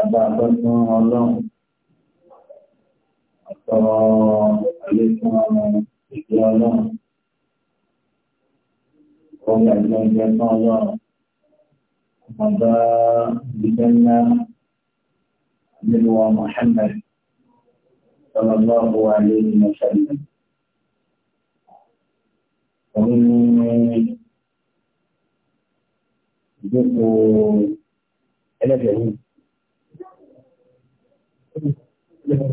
Àgbàgbọ́ fún ọlọ́run. Àtọ̀rọ̀ àlékún ìgbé ọlọ́run. Orí àjọ ìgbẹ́ fún ọlọ́run. Ọba ìgbẹ́ ńlá nínú wa Mùhàmmad. صلى الله عليه وسلم ومن ìjókòó ẹlẹ́fẹ̀ẹ́ yìí. Ìjọba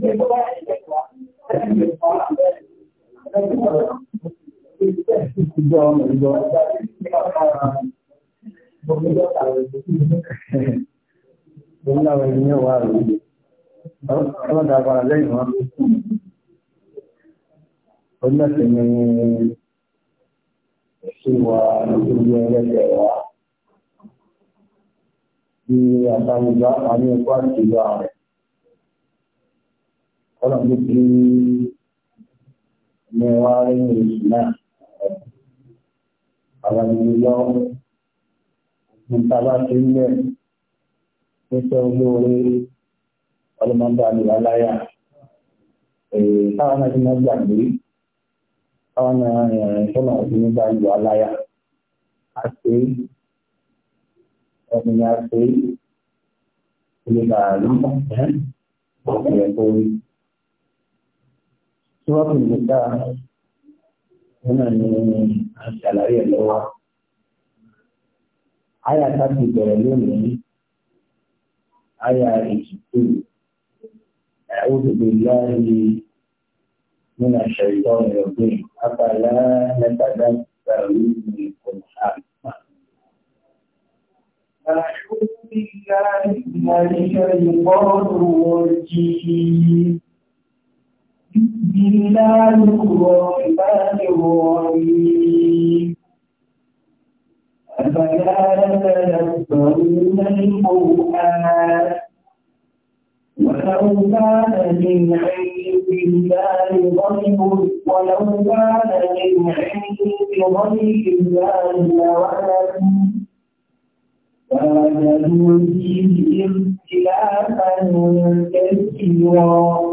ìjọba ìjọba ìjọba ọlọ́dà àpàrà lẹ́yìn wọn onílẹ̀sẹ̀ ni ṣíwà ìgbìyànjú ẹlẹ́sẹ̀ wa bí àtàlùgbà àmì ẹ̀kọ́ àti ìlú ààrẹ ọlọ́dún tí ní wá lẹ́yìn oṣù náà àwọn ìlú nípa bá ti ń bẹ̀ nípa olóore ọlọ́mọdé àdìwà láyà táwọn náà ti máa gbàgbé táwọn náà ìṣọ́nà òfin nígbà àdìwà láyà àti ọ̀gbìn àti ilé bàálù ọ̀gbìn ẹ̀kọ́ orí. Súwọ́pù ìgbésà náà ni àṣàlàyé ẹ̀ lọ́wọ́. Àyà ká ti bẹ̀rẹ̀ lónìí, àyà èjì أعوذ بالله من الشيطان الرجيم أفلا نتدبر القرآن أعوذ بالله من الشيطان الرجيم بسم الله الرحمن الرحيم أفلا نتدبرون القرآن ولو كان من عند الله غيب ولو كان من عند غير الله لوجدوا فوجدوا فيه اختلافا كثيرا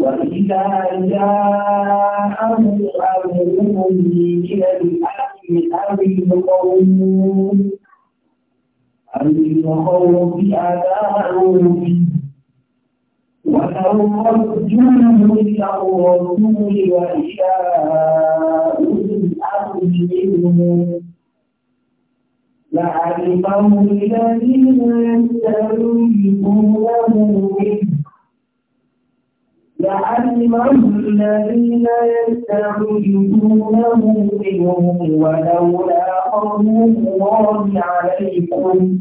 وإذا جاءهم أمرهم من الأمن أمنوا الخوف أداء فيه ولو رجوه إلى الرسول وإلى أولي الأمر منهم لعلمه الذين يستغيثونه لعلمه الذين يستعجلونه منهم ولولا فضل الله عليكم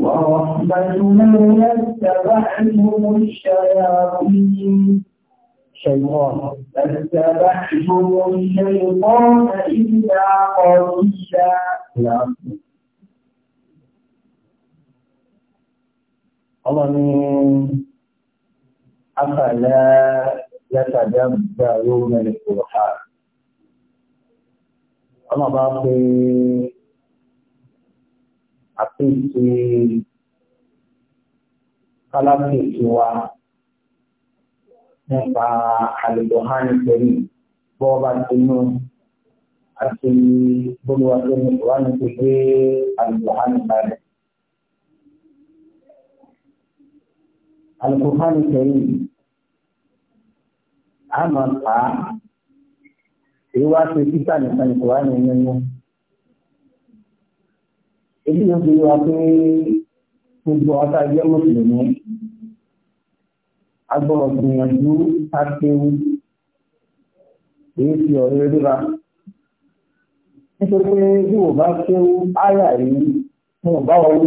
ورحمته لاتبعتم الشياطين شيطان لاتبعتم الشيطان إلا قليلا نعم الله afala yatadabbaruna al-Qur'an ọmọ bá pé àpèsè kálápèsè wa nípa al-Qur'an pẹ̀lú bọ́ọ̀bá tinú àti bọ́lúwa tó ní ìwádìí pé al-Qur'an balẹ̀. Al-Qur'an Karim a máa fà á èyí wá pé títà nìkan ní kòrán ní ẹnu èyí ló fi wá pé gbogbo ọ̀tá ẹgbẹ́ mùsùlùmí agbọ́rọ̀ gbìyànjú ákéwu èyí bá kéwu mo bá wọlé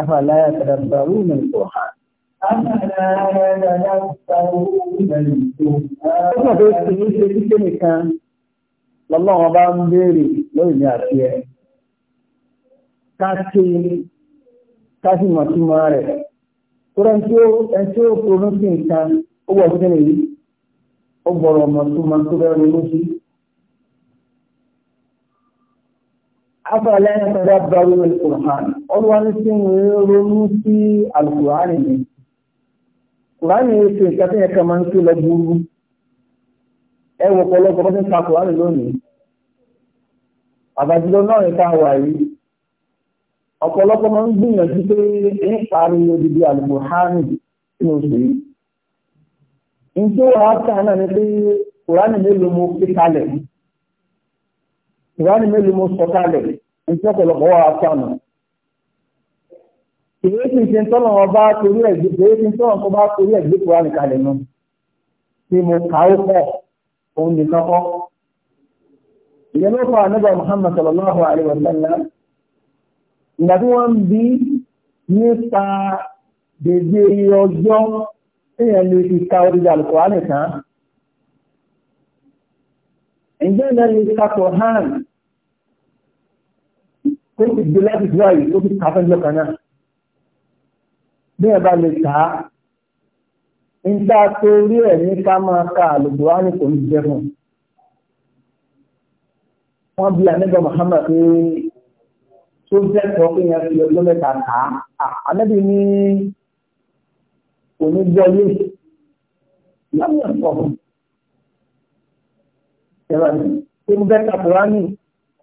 afala yatadabbaruna al-Qur'an. Ọjọ́ tó ti ní ṣe títí nìkan lọ́lọ́wọ́ bá ń béèrè lórí ní àti ẹ̀. Ká sì mọ̀ sí máa rẹ̀. Tóra ẹni tí ó ronú sí nǹkan, ó wọ̀ sí nìyí, ó gbọ́rọ̀ mọ̀ tó máa tó afẹ́lẹ́ ẹ̀rọ bẹ̀rù al-Qur'an ọlọ́wọ́n sí ronú sí al-Qur'an ni Qur'an yìí ṣe nǹkan tí yẹn kà máa ń tó lọ gbúrú ẹ wọ pọ̀lọpọ̀ bọ́ sí ta Qur'an lónìí àbájúlọ náà ní káwà yìí ọ̀pọ̀lọpọ̀ máa ń gbìyànjú pé ń parí odidi al-Qur'an oṣù yìí ní tí ó wà náà ni pé Qur'an mélòó mo fi kalẹ̀ yìí ìwádìí mélòó mo sọ kálẹ̀ nítorí ọ̀pọ̀lọpọ̀ wà á sànù. Ìwé tí ń ṣe tọ́lọ̀ wọn bá torí ẹ̀gbẹ́ ìwé tí ń tọ́lọ̀ wọn bá torí ẹ̀gbẹ́ kura nìkalẹ̀ nù. Tí mo kà ó pọ̀, òun nìkan kọ́. Ìyẹn ló fa ànábà Muhammad sallallahu alayhi wa sallam. Ìgbà tí wọ́n ń bí nípa dèdè ọjọ́ èèyàn lè fi ka orí Al-Qur'an nìkan. Ǹjẹ́ ìlànà ìka Kùránì pé ìgbé láti fi wáyé ó fi kàfẹ́ lọ́kàn náà bí ẹ bá lè kà á ń dá torí ẹ̀ ní ká máa ka àlùkò á ní kò ní jẹ fún wọn bí anẹ́gbẹ́ Muhammad pé tó jẹ́ sọ pé yẹn fi ọjọ́ mẹ́ta kà á anẹ́bí ní òní gbọ́ yé lọ́wọ́ ẹ̀fọ́ fún ní tó ń bẹ́ẹ̀ kà Kùránì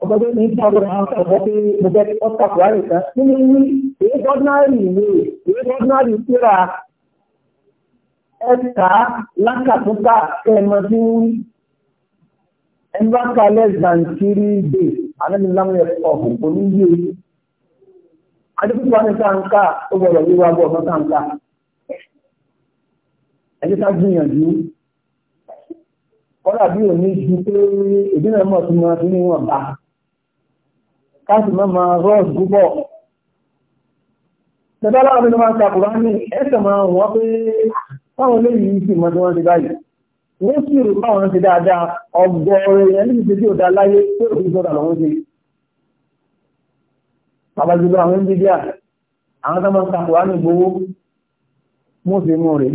ọgbọ́n tó ní ìtàgbọ̀n àwọn ọ̀gbọ́n pé mo fẹ́ ọ́ta kùrárì kan nínú ní èyí gọ́dínárì ìwé èyí gọ́dínárì ìtura ẹ̀ka lákàtúntà ẹ̀mọ tí ń wí ẹni bá ka less than three days alẹ́ni lámúyẹ ọ̀hún oníyé adébútúwa ní sáńkà ó gbọ́dọ̀ wíwá bọ̀ fún sáńkà ẹ̀jẹ̀ ká gbìyànjú kọ́lá bí òní ju pé ìdínà mọ̀ tí mo ti ní bá káàsì mọ́ máa rọ́ọ̀sì púpọ̀ tẹ́tọ́lá ọdún tó máa ń takùrá ní ẹsẹ̀ máa wọ́n pé báwọn lẹ́yìn sì mọ́ tí wọ́n ti báyìí wọ́n sì rò báwọn ti dáadáa ọgọ́rẹ̀ yẹn níbi tí ó dá láyé tó òfin sọ́dà lọ́wọ́ sí babajúlọ àwọn ìdíjà àwọn tó máa ń takùrá ní gbowó mú sí mú rèé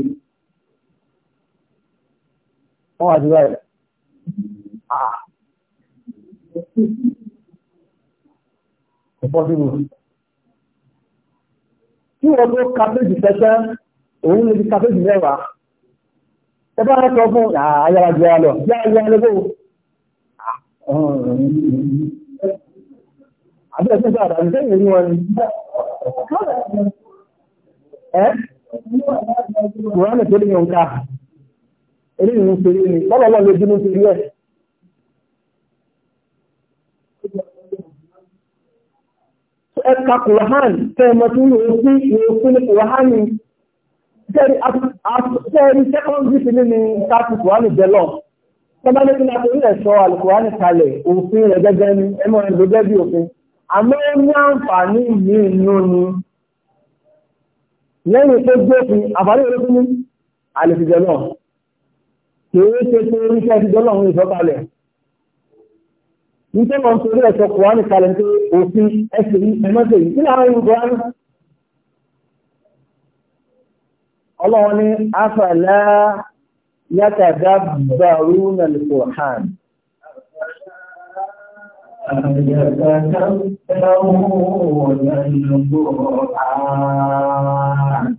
wọ́n wà sí báyìí ah ìfọ́síwò. Tí wọ́n tó kàféjì tẹ́tẹ́, òun lè fi kàféjì mẹ́wàá. Ẹ bá sọ fún àyàrá jẹ́ lọ, jẹ́ ayé alẹ́gbò. Àbẹ́ ẹ̀sẹ̀ sáà dàbí sẹ́yìn ní wọn ni. Ẹ́ Kùránì tó lè yàn ká. Eléyìí ń ṣe rí ni, lọ́lọ́lọ́ lè dínú ṣe rí ẹ̀. ẹka kùrọ̀hán tẹ́ẹ̀mọ̀ tí ó sí ìwòsùn ní kùrọ̀hánì tẹ́ẹ̀rí secondary fìlí ní káàkiri kùrọ̀hánì jẹ́lọ̀ tọ́bá ní kíni àtòrí ẹ̀ṣọ́ alùkùrọ̀hánì kalẹ̀ òfin rẹ̀ gẹ́gẹ́ ní ẹmọ ẹ̀rọ gẹ́gẹ́ bí òfin àmọ́ ó ní àǹfààní yìí nínú ni lẹ́yìn tó gbé òfin àǹfààní rẹ̀ fún mi àlèfìjẹ́ náà kì í ṣe tó oríṣẹ́ ìfìjọ́ náà ń ìfọ́kalẹ̀ ní tẹ́ lọ sórí ẹ̀sọ́ kùránì kalẹ̀ pé òfin ẹsẹ̀ yìí ẹmọ́sẹ̀ yìí kí láwọn ìlú kùránì. ọlọ́run ní afàlá yàtàdá bàrú nàlẹ́ kùránì. Àyàtàdá bàrú nàlẹ́ kùránì.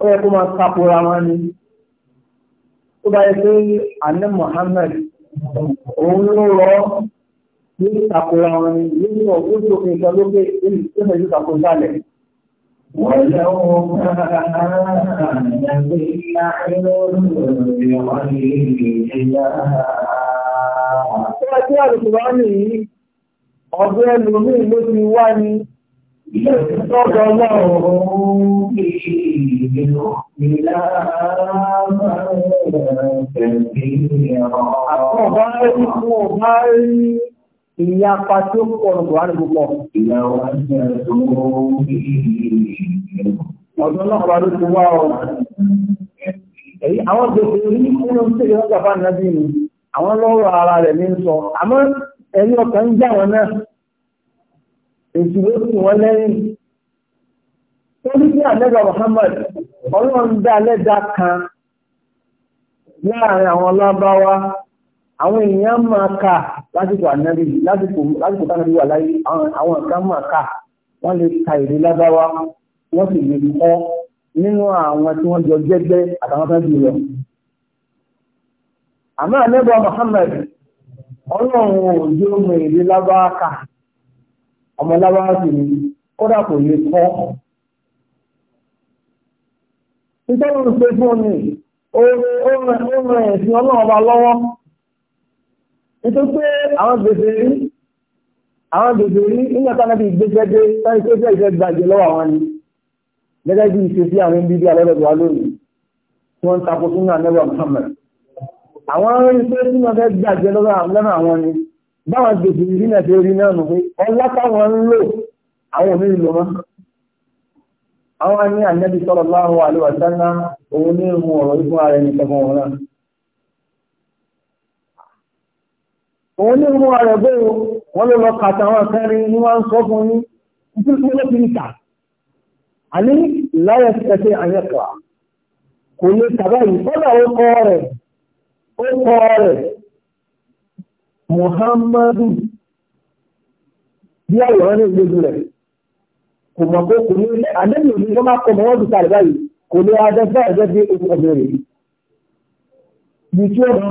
ó yẹ kó máa kápóra wọn ni ó bá yẹ pé àní Muhammad òun ló rọ yóò kápóra wọn ni yóò sọ ó sọ pé nǹkan lókè èyí tó fẹ́ yóò kápó sálẹ̀. ولو كان بالنحل بغير حجاب. Ọjọ́ ẹlòmíì ló ti wá ni Lọ́dọ̀ lọ́rùn kí ìlú ìlà máa ń tẹ̀lé ẹ̀rọ. Àwọn ọba ẹni fún ọba rí ìyapa tí ó pọ̀ lọ́dọ̀ wá púpọ̀. Ìyàwó náà wà ló ti wá ọ. Èyí àwọn gbèsè orí nínú tí ìyọ́gbà bá nàbí ni, àwọn lọ́rọ̀ ara rẹ̀ ní sọ. Àmọ́ ẹ̀rí ọkàn ń jà wọn náà. èsì ló sì wọ́n lẹ́yìn. Ó ní kí Muhammad ọlọ́run dá lẹ́dá kan láàrin àwọn àwọn èèyàn máa kà lásìkò ànábì lásìkò tánàbí wà láyé àwọn kan máa kà wọ́n lè ka èdè lábáwá wọ́n sì lè kọ́ nínú àwọn tí wọ́n jọ jẹ́gbẹ́ àtàwọn kan jù lọ. Àmọ́ Ànẹ́gbà Muhammad ọlọ́run ò jẹ́ ọmọ èdè lábáwá kà ọmọ lábára sì ni kódà kò lè kọ́. Ìtọ́lù ń pe fún mi, ó rẹ̀ ẹ̀sìn ọlọ́run ọba lọ́wọ́. Nítorí pé àwọn gbèsè rí, àwọn gbèsè rí nígbà táwọn bí gbèsè dé sáré tó fẹ́ ìfẹ́ gbàgbé lọ́wọ́ àwọn ni. Gẹ́gẹ́ bí ìṣe sí àwọn ibi alọ́dọ̀dọ̀ wa lónìí, tí wọ́n ń takò sínú ànẹ́wà Muhammad. Àwọn rí pé sínú ọ̀fẹ́ gbàgbé lọ́wọ́ àwọn ni báwọn gbèsè yìí náà ti rí náà nù pé ọlá táwọn ń lò àwọn òmìnir lò mọ́ àwọn ní ànábì sallallahu alaihi wasallam òun ní ìmú ọ̀rọ̀ ìfún ara ẹni kẹfọn wọn náà òun ní ìmú ara ẹgbẹ́ wọn ló lọ kàtà àwọn akẹ́rin ní wọ́n ń sọ fún ní nítorí pé lọ́pì níta àní láyé tẹ́tẹ́ àyẹ̀kọ́ kò lè tàbá yìí fọ́nà ó kọ́ rẹ̀ muhammadu bí àwòrán ní ìgbésù rẹ̀ kò mọ̀ pé kò ní àdébì òní ló máa kọ mọ́wọ́ dùkà rẹ̀ báyìí kò ní adẹ́fẹ́ ẹ̀jẹ̀ bí oṣù ọ̀gbìn rẹ̀ ní tí ó máa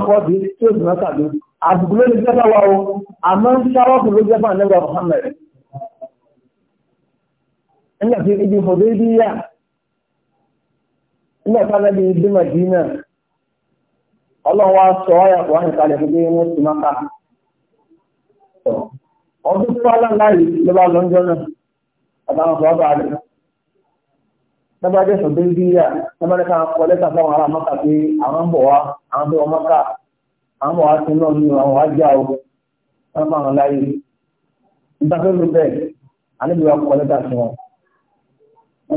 muhammed madina wa ọdún tó aláàláyé ló bá lọ ń jọ náà àtàwọn ọ̀pọ̀ ọba rẹ̀ lọ́gbà jẹ́ sọ̀tún bí yà lọ́gbà jẹ́ káwọn kọ lẹ́tà fáwọn ará mọ́ta pé àwọn bọ̀ wá àwọn bí ọmọ ká àwọn bọ̀ wá sí náà ní àwọn wá já o wọ́n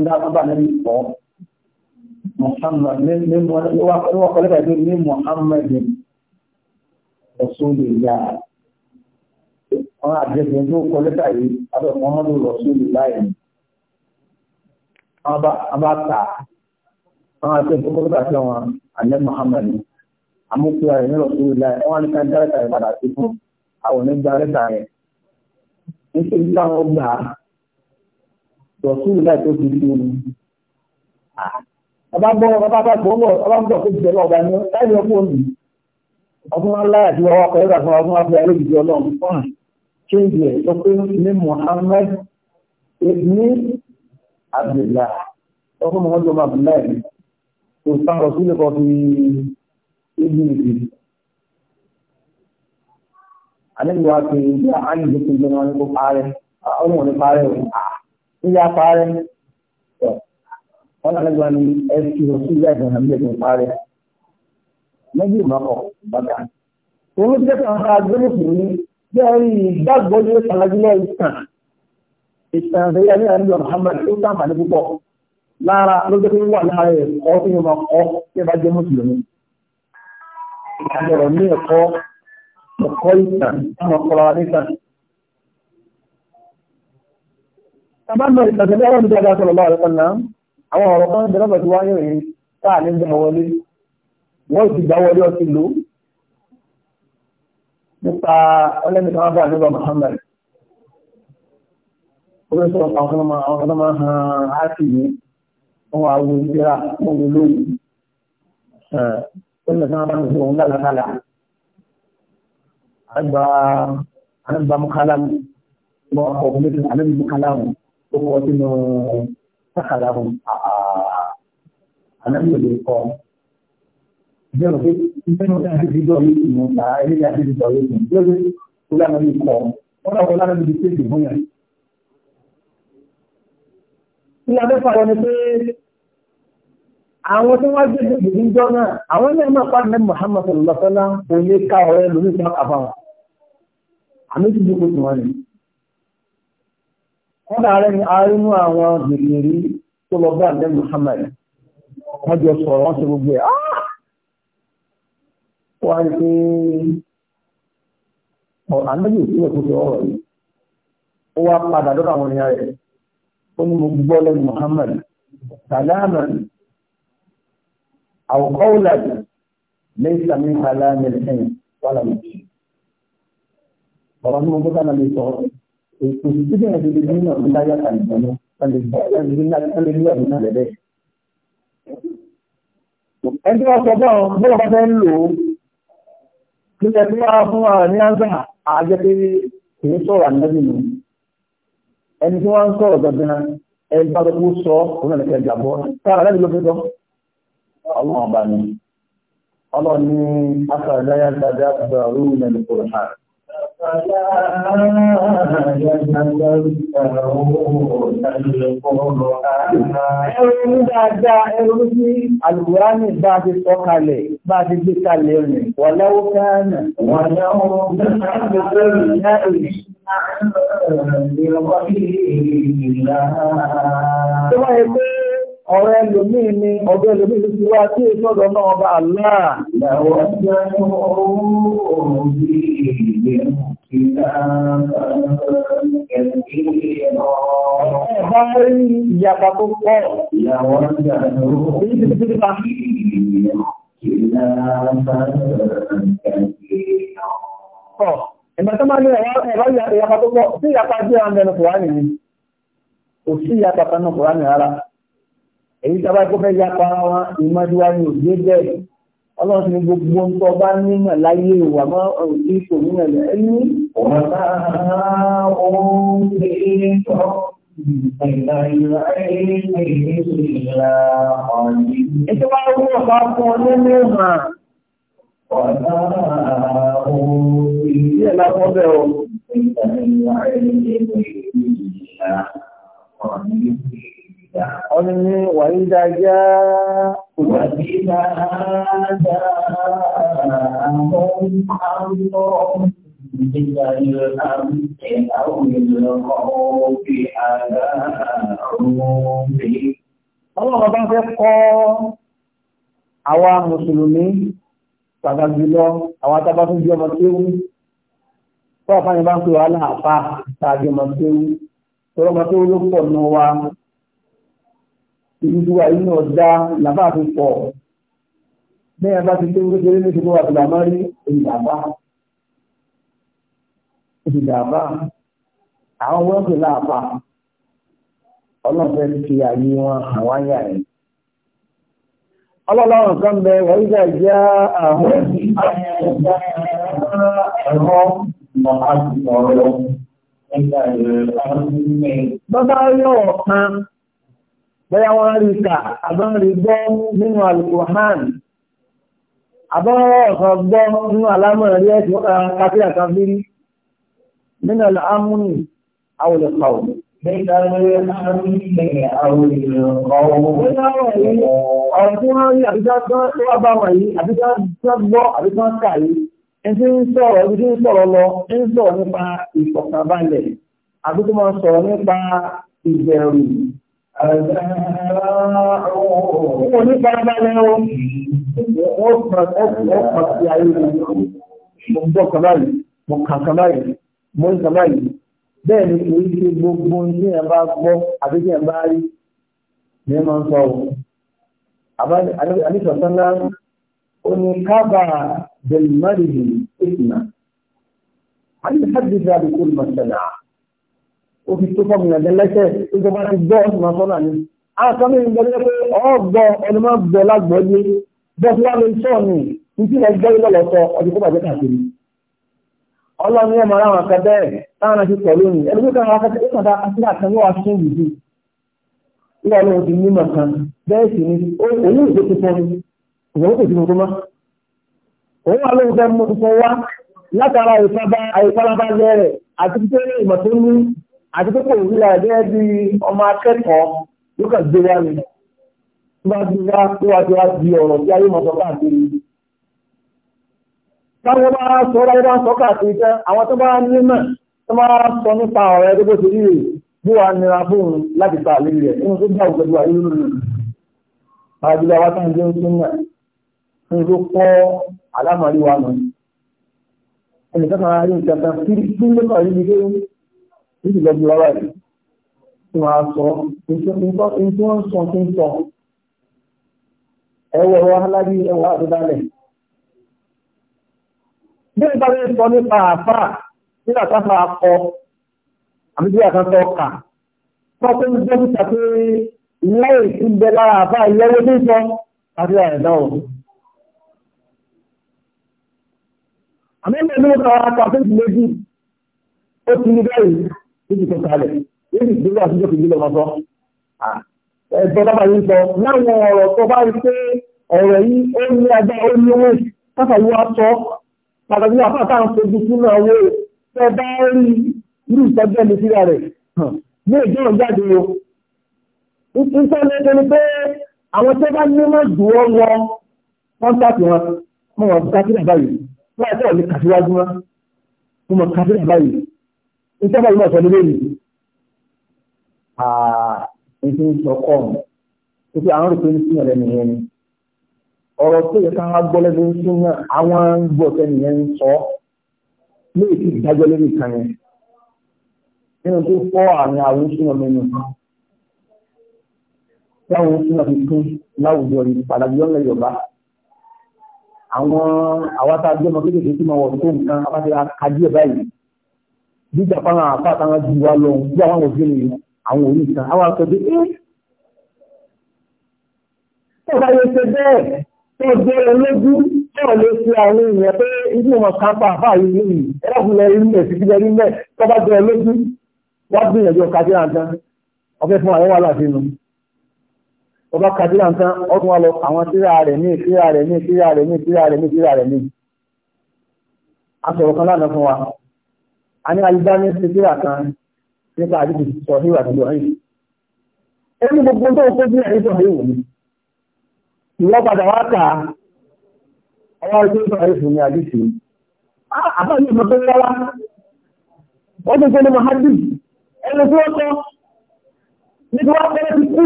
fà wọn Muhammad Rasulullah àwọn àdírẹ́sì tó kọ lẹ́tà yìí abẹ́ Muhammadu Rasulu láì ní. wọ́n bá tà àwọn àti ẹ̀kọ́ kọ́kọ́ àti àwọn àlẹ́ Muhammad ní. àmúkú ayé ní Rasulu láì wọ́n á ní ká dárẹ́tà yẹn padà sí fún àwọn onígbà rẹ́tà yẹn. nítorí táwọn gbà Rasulu láì tó fi sí ni. ọba gbọ́ ọba bá gbọ́ ọba ń bọ̀ kó jẹ́ lọ́ọ̀bá ni táyì ọkọ̀ òní ọdún wọn láyà tí wọ́n wá pẹ̀lú àfọwọ́ fún wọn fún alóòjì ọlọ́run fún kéde ẹ̀ sọ pé ní Muhammad ibni Abdullah ọkọ̀ Muhammad ọmọ Abdullah ẹ̀ kò sáàrọ̀ sílẹ̀ kọ́ fi ibi ìdí àdẹ́gbẹ̀wá pé ibi àánìjẹ́ tó jẹ́ wọn kó parẹ́ ọmọ ní parẹ́ o níyà parẹ́ wọn àdẹ́gbẹ̀wá ní ẹ̀sì òṣìṣẹ́ ìgbàlá ní ẹ̀sìn parẹ́ lẹ́gbẹ̀ẹ́ ìmọ̀kọ̀ bàtà. Òun ti dẹ́kun àwọn agbẹ́rẹ́ bẹ́ẹ̀ni ìgbàgbọ́ ní ìsànlájúlẹ̀ ìsàn ìsàn rẹ̀ yẹn ní àríwá Muhammad ló ń àǹfààní púpọ̀ lára ló jẹ́ pé wà lára ẹ̀kọ́ tí wọ́n máa kọ́ tí ẹ bá jẹ́ mùsùlùmí. ìgbàgbọ́ ní ẹ̀kọ́ ẹ̀kọ́ ìsàn táwọn kọ́ lára nìkan. Tàbá mọ̀ ìtàkùn tí ọ̀rọ̀ mi dáadáa sọ̀rọ̀ lọ́wọ́ àlẹ́kọ̀ọ́ náà, àwọn ọ̀rọ̀ kan bẹ̀rẹ̀ bẹ̀ wáyé rèé táà ní gbà wọlé. Wọ́n ti gbà wọlé ọtí lò nípa ọlẹ́mìtà wọn bá nígbà Muhammad orí sọ àwọn ọmọ àwọn ọmọ hàn á sì yí wọn àwọn ìgbéra wọn wò lóyún ó lè sábà ní òun lálàkàlà àgbà àgbà mọ́kálá wọn kọ̀ fún mi àlẹ́ mi mọ́kálá wọn ó kọ́ sínú sákàlà wọn àná mi ò lè kọ́ ọ́ jẹ́rọ pé nínú àdìdọ́ yìí nù nà ẹ̀rí àdìdọ́ yìí nù lórí ìlànà yìí kọ̀ wọ́n náà wọ́n lára níbi tẹ́sí fún yẹn. Ní abẹ́fà wọn ni pé àwọn tí wọ́n gbé gbèsè níjọ́ náà àwọn náà máa ní Muhammad sallallahu alaihi wasallam kò ní ká ọ̀rẹ́ lórí ìgbà kàfà wọn. Àmì ti dúró tí wọ́n ní. Wọ́n dàárẹ̀ ni arínú àwọn gbèsè tó lọ bá àdé Muhammad. Wọ́n jọ sọ̀rọ̀ wọ́n ṣe wá rí pé ànábì òsínlẹ̀ tó fi ọ̀rọ̀ yìí ó wá padà lọ́dọ̀ àwọn ènìyàn rẹ̀ ó ní mo gbọ́ lẹ́nu Muhammad sàlámà àwòkọ́wùlà lẹ́yìn sàmì sàlámà ẹ̀yìn wàlà mi. ọ̀rọ̀ tí mo gbọ́ sàmà mi sọ ètò ìdílé ẹ̀dẹ̀ lè ní ọ̀dún láyà kan ìgbọ̀nà ẹ̀dẹ̀ lè ní ọ̀dún náà lẹ́dẹ̀. ẹni tí wọ́n sọ bọ́ọ̀ bọ́ọ̀ bá fẹ́ lò ó nílẹ̀ tí wọ́n fún wa ní ánsá àjẹ́pẹ́ kìí sọ̀rọ̀ ànábì nù ẹni tí wọ́n ń sọ̀rọ̀ gbọ̀gbọ̀n ẹni bá tó sọ òun náà lẹ́kẹ̀ẹ́ jàbọ́ kára ló fi sọ ọlọ́run ọba ni ọlọ́run ní afẹ́rẹ́dáyà dáadáa bẹ̀rù nínú kòrò náà فلا يتذكرون bá ti gbé kalẹ̀ rìn, wà láwọ́ káànà, wà láwọ́ káànà Tó wáyé pé ọ̀rẹ́ ẹlòmíì ni ọ̀dọ́ ẹlòmíì ló ti wá tí èso ọ̀dọ̀ náà ọba aláà. Ìyàwó ọjọ́ òun bí ìgbé ti Ẹ̀bá rí ìyàpá tó pọ̀. Ìyàwó ọjọ́ òun Ìgbàtí máa ní ẹ̀rọ ìyàpá tó pọ̀ sí ìyàpá jẹ́ àmì ẹnu Kùránì ni, kò sí ìyàpá kanú Kùránì rárá èyí tí a bá kó fẹ́ yapa wọn ìmọ̀dúwá ni òye bẹ́ẹ̀ ọlọ́run ní gbogbo ń tọ́ bá nímọ̀ láyé ìwà mọ́ ọ̀rọ̀ tí kò ní ẹ̀lẹ́ ẹni. ọ̀nà òun lè tọ́ Ètò bá wú ọ̀pá fún ọ nínú ìmọ̀. Ọ̀nà òun ìdílé lápọ̀ bẹ́ẹ̀ o. Ìgbà ìwà ẹni tí ó ń ṣe ìlà ọ̀nà ìgbè. Wọ́n ní wàyí dájá wàbí máa dá àwọn àmọ́ ìgbà ìrọ̀lámi àwọn ìlọ́kọ̀ òbí àgbà òbí. Ọlọ́run bá fẹ́ kọ́ àwa Mùsùlùmí pàtàkì jùlọ àwọn atábá tún jẹ́ ọmọ kéwú. Fọ́ọ̀fáyìn bá ń pè wá láàpá tàbí ọmọ kéwú. Tọ́lọ́mọ kéwú ló pọ̀ nù wa ìlú wa inú ọ̀dá làbá fi pọ̀ bẹ́ẹ̀ bá ti léwu kékeré ní ìṣòro àti làmá rí ìdàbá ìdàbá àwọn wọ́ọ̀kì láàpá ọlọ́fẹ́ ti àyè wọn àwọn ayà rẹ̀ ọlọ́lọ́run kan bẹ wọ́yíjà jẹ́ àwọn ẹ̀rọ mọ̀ Bọ́bá yóò kan bóyá wọ́n rí kà àbọ́n rí gbọ́ nínú alukuhan àbọ́n ọ̀kan gbọ́ nínú alámọ̀rí ẹ̀sìn kàfí àkàfírí nínú alámúnì àwòlẹ̀ pàwọ̀. Ọ̀rọ̀ tí wọ́n rí àbíjá tó wá bá wọ̀n yìí, àbíjá tó gbọ́ àbíjá kà yìí, ẹni tí ń sọ̀rọ̀ ibi tí ń sọ̀rọ̀ lọ, ń sọ̀rọ̀ nípa ìfọ̀kànbalẹ̀, àbí tó máa sọ̀rọ̀ nípa ìbẹ̀rù Mo ní farabalẹ̀ o, ó pàtàkì sí ayé mi, mo ń gbọ́ kàmáyì, mo kà kàmáyì, mo ń kàmáyì. Bẹ́ẹ̀ ni kìí ṣe gbogbo ní ẹ̀bá gbọ́ àbí ní ẹ̀bá rí ní máa ń sọ o. Àníṣọ̀sánlá ó ní kábà bẹ̀rù márìlì ìsìnà. Àníṣọ̀sánlá òfin tó fọ́ gbìyànjẹ́ lẹ́sẹ̀ tó bá ti gbọ́ ọ̀sùn a ni. àwọn kan pé ọ̀gbọ́ ẹni máa gbọ́ lágbọ́yé bọ́sí wá lórí sọ́ọ̀nù títí lọ gbọ́ ilé ọdún tó bàjẹ́ káàkiri. ọlọ́run àwọn táwọn ti lónìí ẹni sún yìí ilé ọlọ́run ti mímọ̀ kan bẹ́ẹ̀ sì ni òun ìgbé ti fọ́ mi àti pé kò wúlò ẹgbẹ́ bí ọmọ akẹ́kọ̀ọ́ ló kàn gbé wá mi bá gbé wá tó wá tó wá di ọ̀rọ̀ tí ayé mọ̀tọ́ káàkiri. táwọn bá sọ ọ́ láyé bá ń sọ káàkiri tán àwọn tó bá ní mọ̀ tó bá sọ nípa ọ̀rọ̀ ẹgbẹ́ bó ti rí rè bó wa nira fóun láti ta àlè rẹ̀ nínú tó dáwọ́ pẹ̀lú ayé lónìí. àdúgbò àwọn táwọn jẹun tó náà ń tó kọ́ alámọ̀rí wa nù. ẹnì níbi lọ́dún lọ́wọ́ yìí tí wọ́n á sọ nǹkan tí wọ́n ń sọ tí ń sọ ẹwọ ọwọ́ alábí ẹwọ àdúdálẹ̀. bí ìgbà tí sọ nípa àfà nígbà táfà akọ àbí bí àkàtọ̀ ọkà sọ pé ní dókítà pé lẹ́yìn tí ń bẹ lára àfà ìyẹ́wó ní sọ àti àìdá ò. àmì ìgbà tí wọ́n kọ́ àwọn akọ àfẹ́sì méjì ó ti ní bẹ́ẹ̀ yìí títí tó kalẹ̀ yóò sì àtijọ́ kejì lọ́mọ sọ. ẹ̀tọ́ bàbá yìí sọ láwọn ọ̀rọ̀ tó bá rí pé ọ̀rọ̀ yìí ó ní agbára ó ní owó káfà yìí sọ pàtàkì àpá àtàwọn fojú sínú owó tó bá rí irú ìtọ́jú ẹni síra rẹ̀ ní ìjọ ìjáde o. ìtọ́lẹ̀ ni pé àwọn tó bá ní mọ́ jù ọ́ lọ kọ́ńtàkì wọn mọ̀ wọn kásílẹ̀ báyìí wọ́n ẹ̀kọ́ ní kàṣíwájú wọn ìtẹ́bà ìlú ọ̀sẹ̀ lórí ìlú ìdí ìṣọ̀kọ́ mi tó fi àwọn olùpẹ̀lú sí ọ̀rẹ́ nìyẹn ni ọ̀rọ̀ tó yẹ ká gbọ́ lẹ́nu sí náà àwọn gbọ̀tẹ́ nìyẹn ń sọ lóye tí ìdájọ́ lórí ìkan yẹn nínú tó fọ́ àmì àwọn sí ọmọ ẹni tí àwọn sí ọmọ tuntun láwùjọ yìí pàdàbí ọ̀nà Yorùbá àwọn àwọn tá a jẹ́ ọmọ kékeré tí mo wọ̀ tó nǹkan abájá kájú ẹ̀ báyìí jíjà fáwọn àpáta wọn jù wá lọ bí àwọn òfin nìyí àwọn orí ìtàn àwọn akẹ́bí ẹ́ tó bá yẹ ṣe bẹ́ẹ̀ tó gbé olójú tó lè ṣe àwọn èèyàn pé ibi ìmọ̀ kápá àfáàyè lóyìn ẹlẹ́kùnlẹ̀ ilẹ̀ títí bẹ́ẹ̀ nílẹ̀ tó bá gbé olójú wá gbìyànjú kàdíra nǹkan ọfẹ́ fún àwọn wàhálà sínú ọba kàdíra nǹkan ọdún wa lọ àwọn tíra rẹ̀ ní tíra rẹ̀ ní tíra rẹ̀ ní tíra rẹ̀ ní tíra rẹ̀ ní. a sọ̀rọ̀ kan fún wa a ní alìbáni ti síra kan nípa àdìsí sọ híwà tó lọ yìí ẹni gbogbo tó kó sí ẹni sọ híwà ni ìwọ padà wá kà ọwọ́ ojú sọ híwà ní àdìsí àbá yìí mọ̀ tó ti kú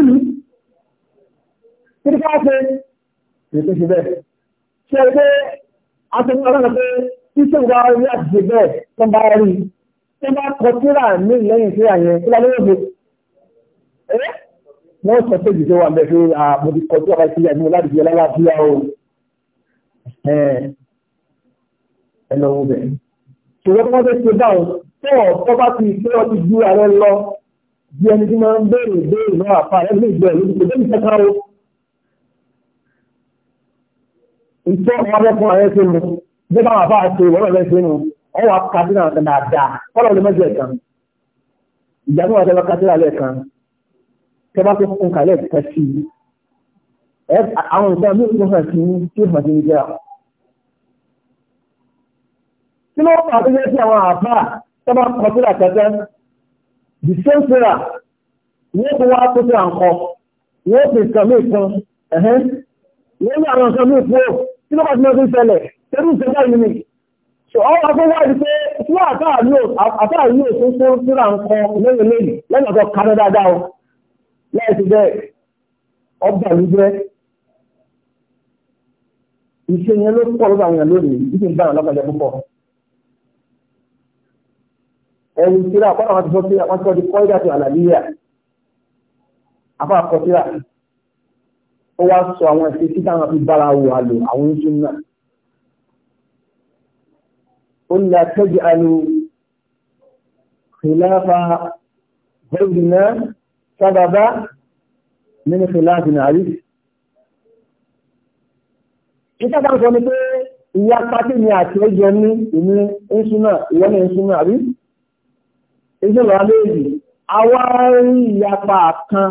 yìí kí ni ká ṣe ètò ṣe bẹ́ẹ̀ ṣe pé a ti ń lọ́wọ́ pé tó bá rí tó bá kọ tíra mí lẹ́yìn tíra yẹn tó bá lóyún pé wọ́n sọ pé ìdíje wà ń bẹ̀ pé mo ti kọ tíra bá ti yà ní láti fi ọlọ́lá sí ọ ẹ lọ́wọ́ bẹ̀. ṣùgbọ́n tó bá fẹ́ ṣe báwọn tó ọ̀tọ́ bá ti ṣe ọtí ju ààrẹ lọ bí ẹni tí máa ń béèrè béèrè náà àpá ẹgbẹ́ ìgbẹ́ ìlú kò débi kẹta o. ìtọ́ ọmọdé fún ààrẹ ṣe mu bí báwọn àpá àti ìwọ́n rẹ̀ ṣe mu ọwọ́ akadínà ọ̀tẹ̀ náà dáa kọ́lọ̀ lè mẹ́jọ ẹ̀kan ìjàmú ọ̀tẹ̀ bá kadínà lẹ́ẹ̀kan tẹ́ bá tó fún kàlẹ́ ẹ̀kẹ́ sí i àwọn ìgbà mí ìlú hàn sí tí hàn sí nígbà. kí ló wà tó yẹ kí àwọn àbá tẹ́ bá kọsílà tẹ́tẹ́ the same prayer wọ́n tó wá tó sí àǹkọ́ wọ́n fi nǹkan mí kan wọ́n ní àwọn nǹkan mí kúrò kí ló wà tó yẹ kí ń ṣẹlẹ̀ tẹ́lú ìṣẹ́jà yìí so ọ wá fún wáyé pé tí àtàrí yóò tún kó síra nǹkan lẹ́yìn lẹ́yìn lẹ́yìn ọ̀tọ̀ kanú dáadáa o lẹ́yìn ti bẹ́ẹ̀ ọba mi jẹ́ iṣẹ́ yẹn ló pọ̀ lọ́dọ̀ àwọn èèyàn lónìí bí kì í bá àwọn ọlọ́kàjẹ́ púpọ̀ ẹ̀rù síra àpọ́nà wọn ti sọ síra wọn ti sọ di kọ́ ìdàtò àlàlíyà afọ àkọsíra ó wá sọ àwọn ẹ̀sìn títà wọn fi bára wà lò àwọn oníṣẹ́ náà ألا تجعلوا خلاف غيرنا سببا من خلاف عليه ìtàbà sọ ni pé ìyá pàtí ni àti ẹjọ́ ní ìní ìṣúná ìwọ́n ní ìṣúná àbí ìṣúná àbẹ́ẹ̀dì àwa rí ìyapa kan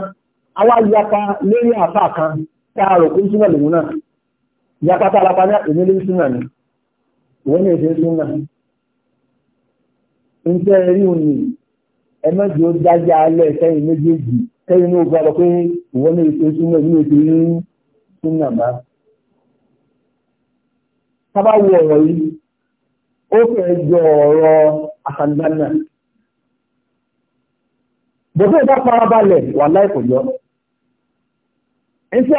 àwa ìyapa lórí àpá kan tá ìṣúná lòun ìyapa tá a lápá ìṣúná ni ìwọ́n lè ṣe súnmọ́ ń tẹ́ rí òní ẹ̀mẹ́jì ó dájá alẹ́ sẹ́yìn méjèèjì sẹ́yìn náà gbọ́dọ̀ pé ìwọ́n lè ṣe súnmọ́ ìlú ètò rí súnmọ́ bá. sábà wo ọ̀rọ̀ yìí ó fẹ́ jọ ọ̀rọ̀ àkàndánà bọ̀dọ̀ ìdá farabalẹ̀ wà láìpọ̀ yọ iṣẹ́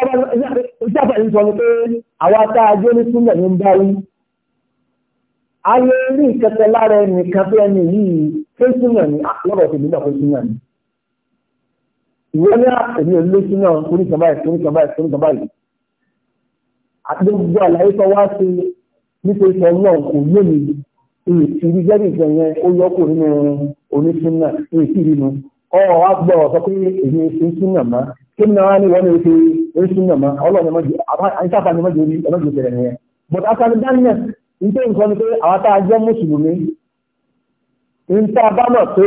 àbáyé ń sọ ni pé àwa tá a jẹ́ ní súnmọ́ ní ń bá wí. ayé rí ìkẹtẹ lára ẹnìkan tó ẹni yìí fésùnà ní àpọ̀lọ̀ ah, tèmi náà ní. ìwé ní àtẹ̀mí báyìí báyìí báyìí. àlàyé wá sí nítorí sọ náà kò yé mi èsì rí jẹ́ nìkan yẹn ó yọ kó nínú oníṣùnà èsì rí nu. ọ̀rọ̀ gbọ́ pé èmi má kí ni wọ́n ní wọ́n ní oṣù oníṣùnà má ọlọ́run nítorí nǹkan ni pé àwọn tá a jẹ́ mùsùlùmí ń tá a bá mọ̀ pé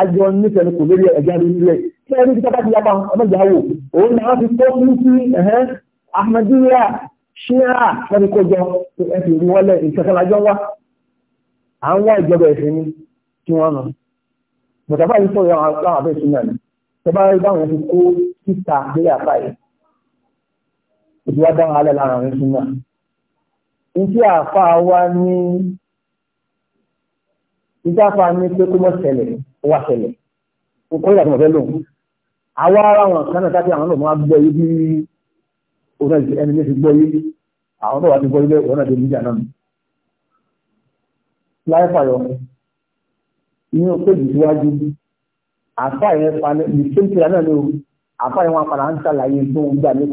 ajọ nífẹ̀ẹ́ ni kò lórí ẹ̀jẹ̀ rí nílẹ̀ kí ẹni tí kákàtì yapa ọmọdé àwò òun ni wọ́n fi kó fún sí Ahmadiyya ṣíra wọ́n kó jọ ẹ fi rí wọ́lẹ̀ ìṣẹ̀kan lájọ́ wá à ń wá ìjọba ẹ̀sìn ni kí ìdí àfa wa ní ìdí àfa ní pé kó mọ̀ ṣẹlẹ̀ wá ṣẹlẹ̀ nǹkan ìyàtọ̀ ọ̀fẹ́ lòun àwa ara wọn kan náà tàbí àwọn náà máa gbọ́ yìí bí òun náà ẹni ní ti gbọ́ yìí àwọn náà wà ti gbọ́ yìí bẹ́ẹ̀ òun náà ti níjà náà nù. láì fàyọ ní òkèjì síwájú àfa yẹn pa ní ìṣèǹtì náà ni àfa yẹn wọn apàdà ń tó ń gbà ní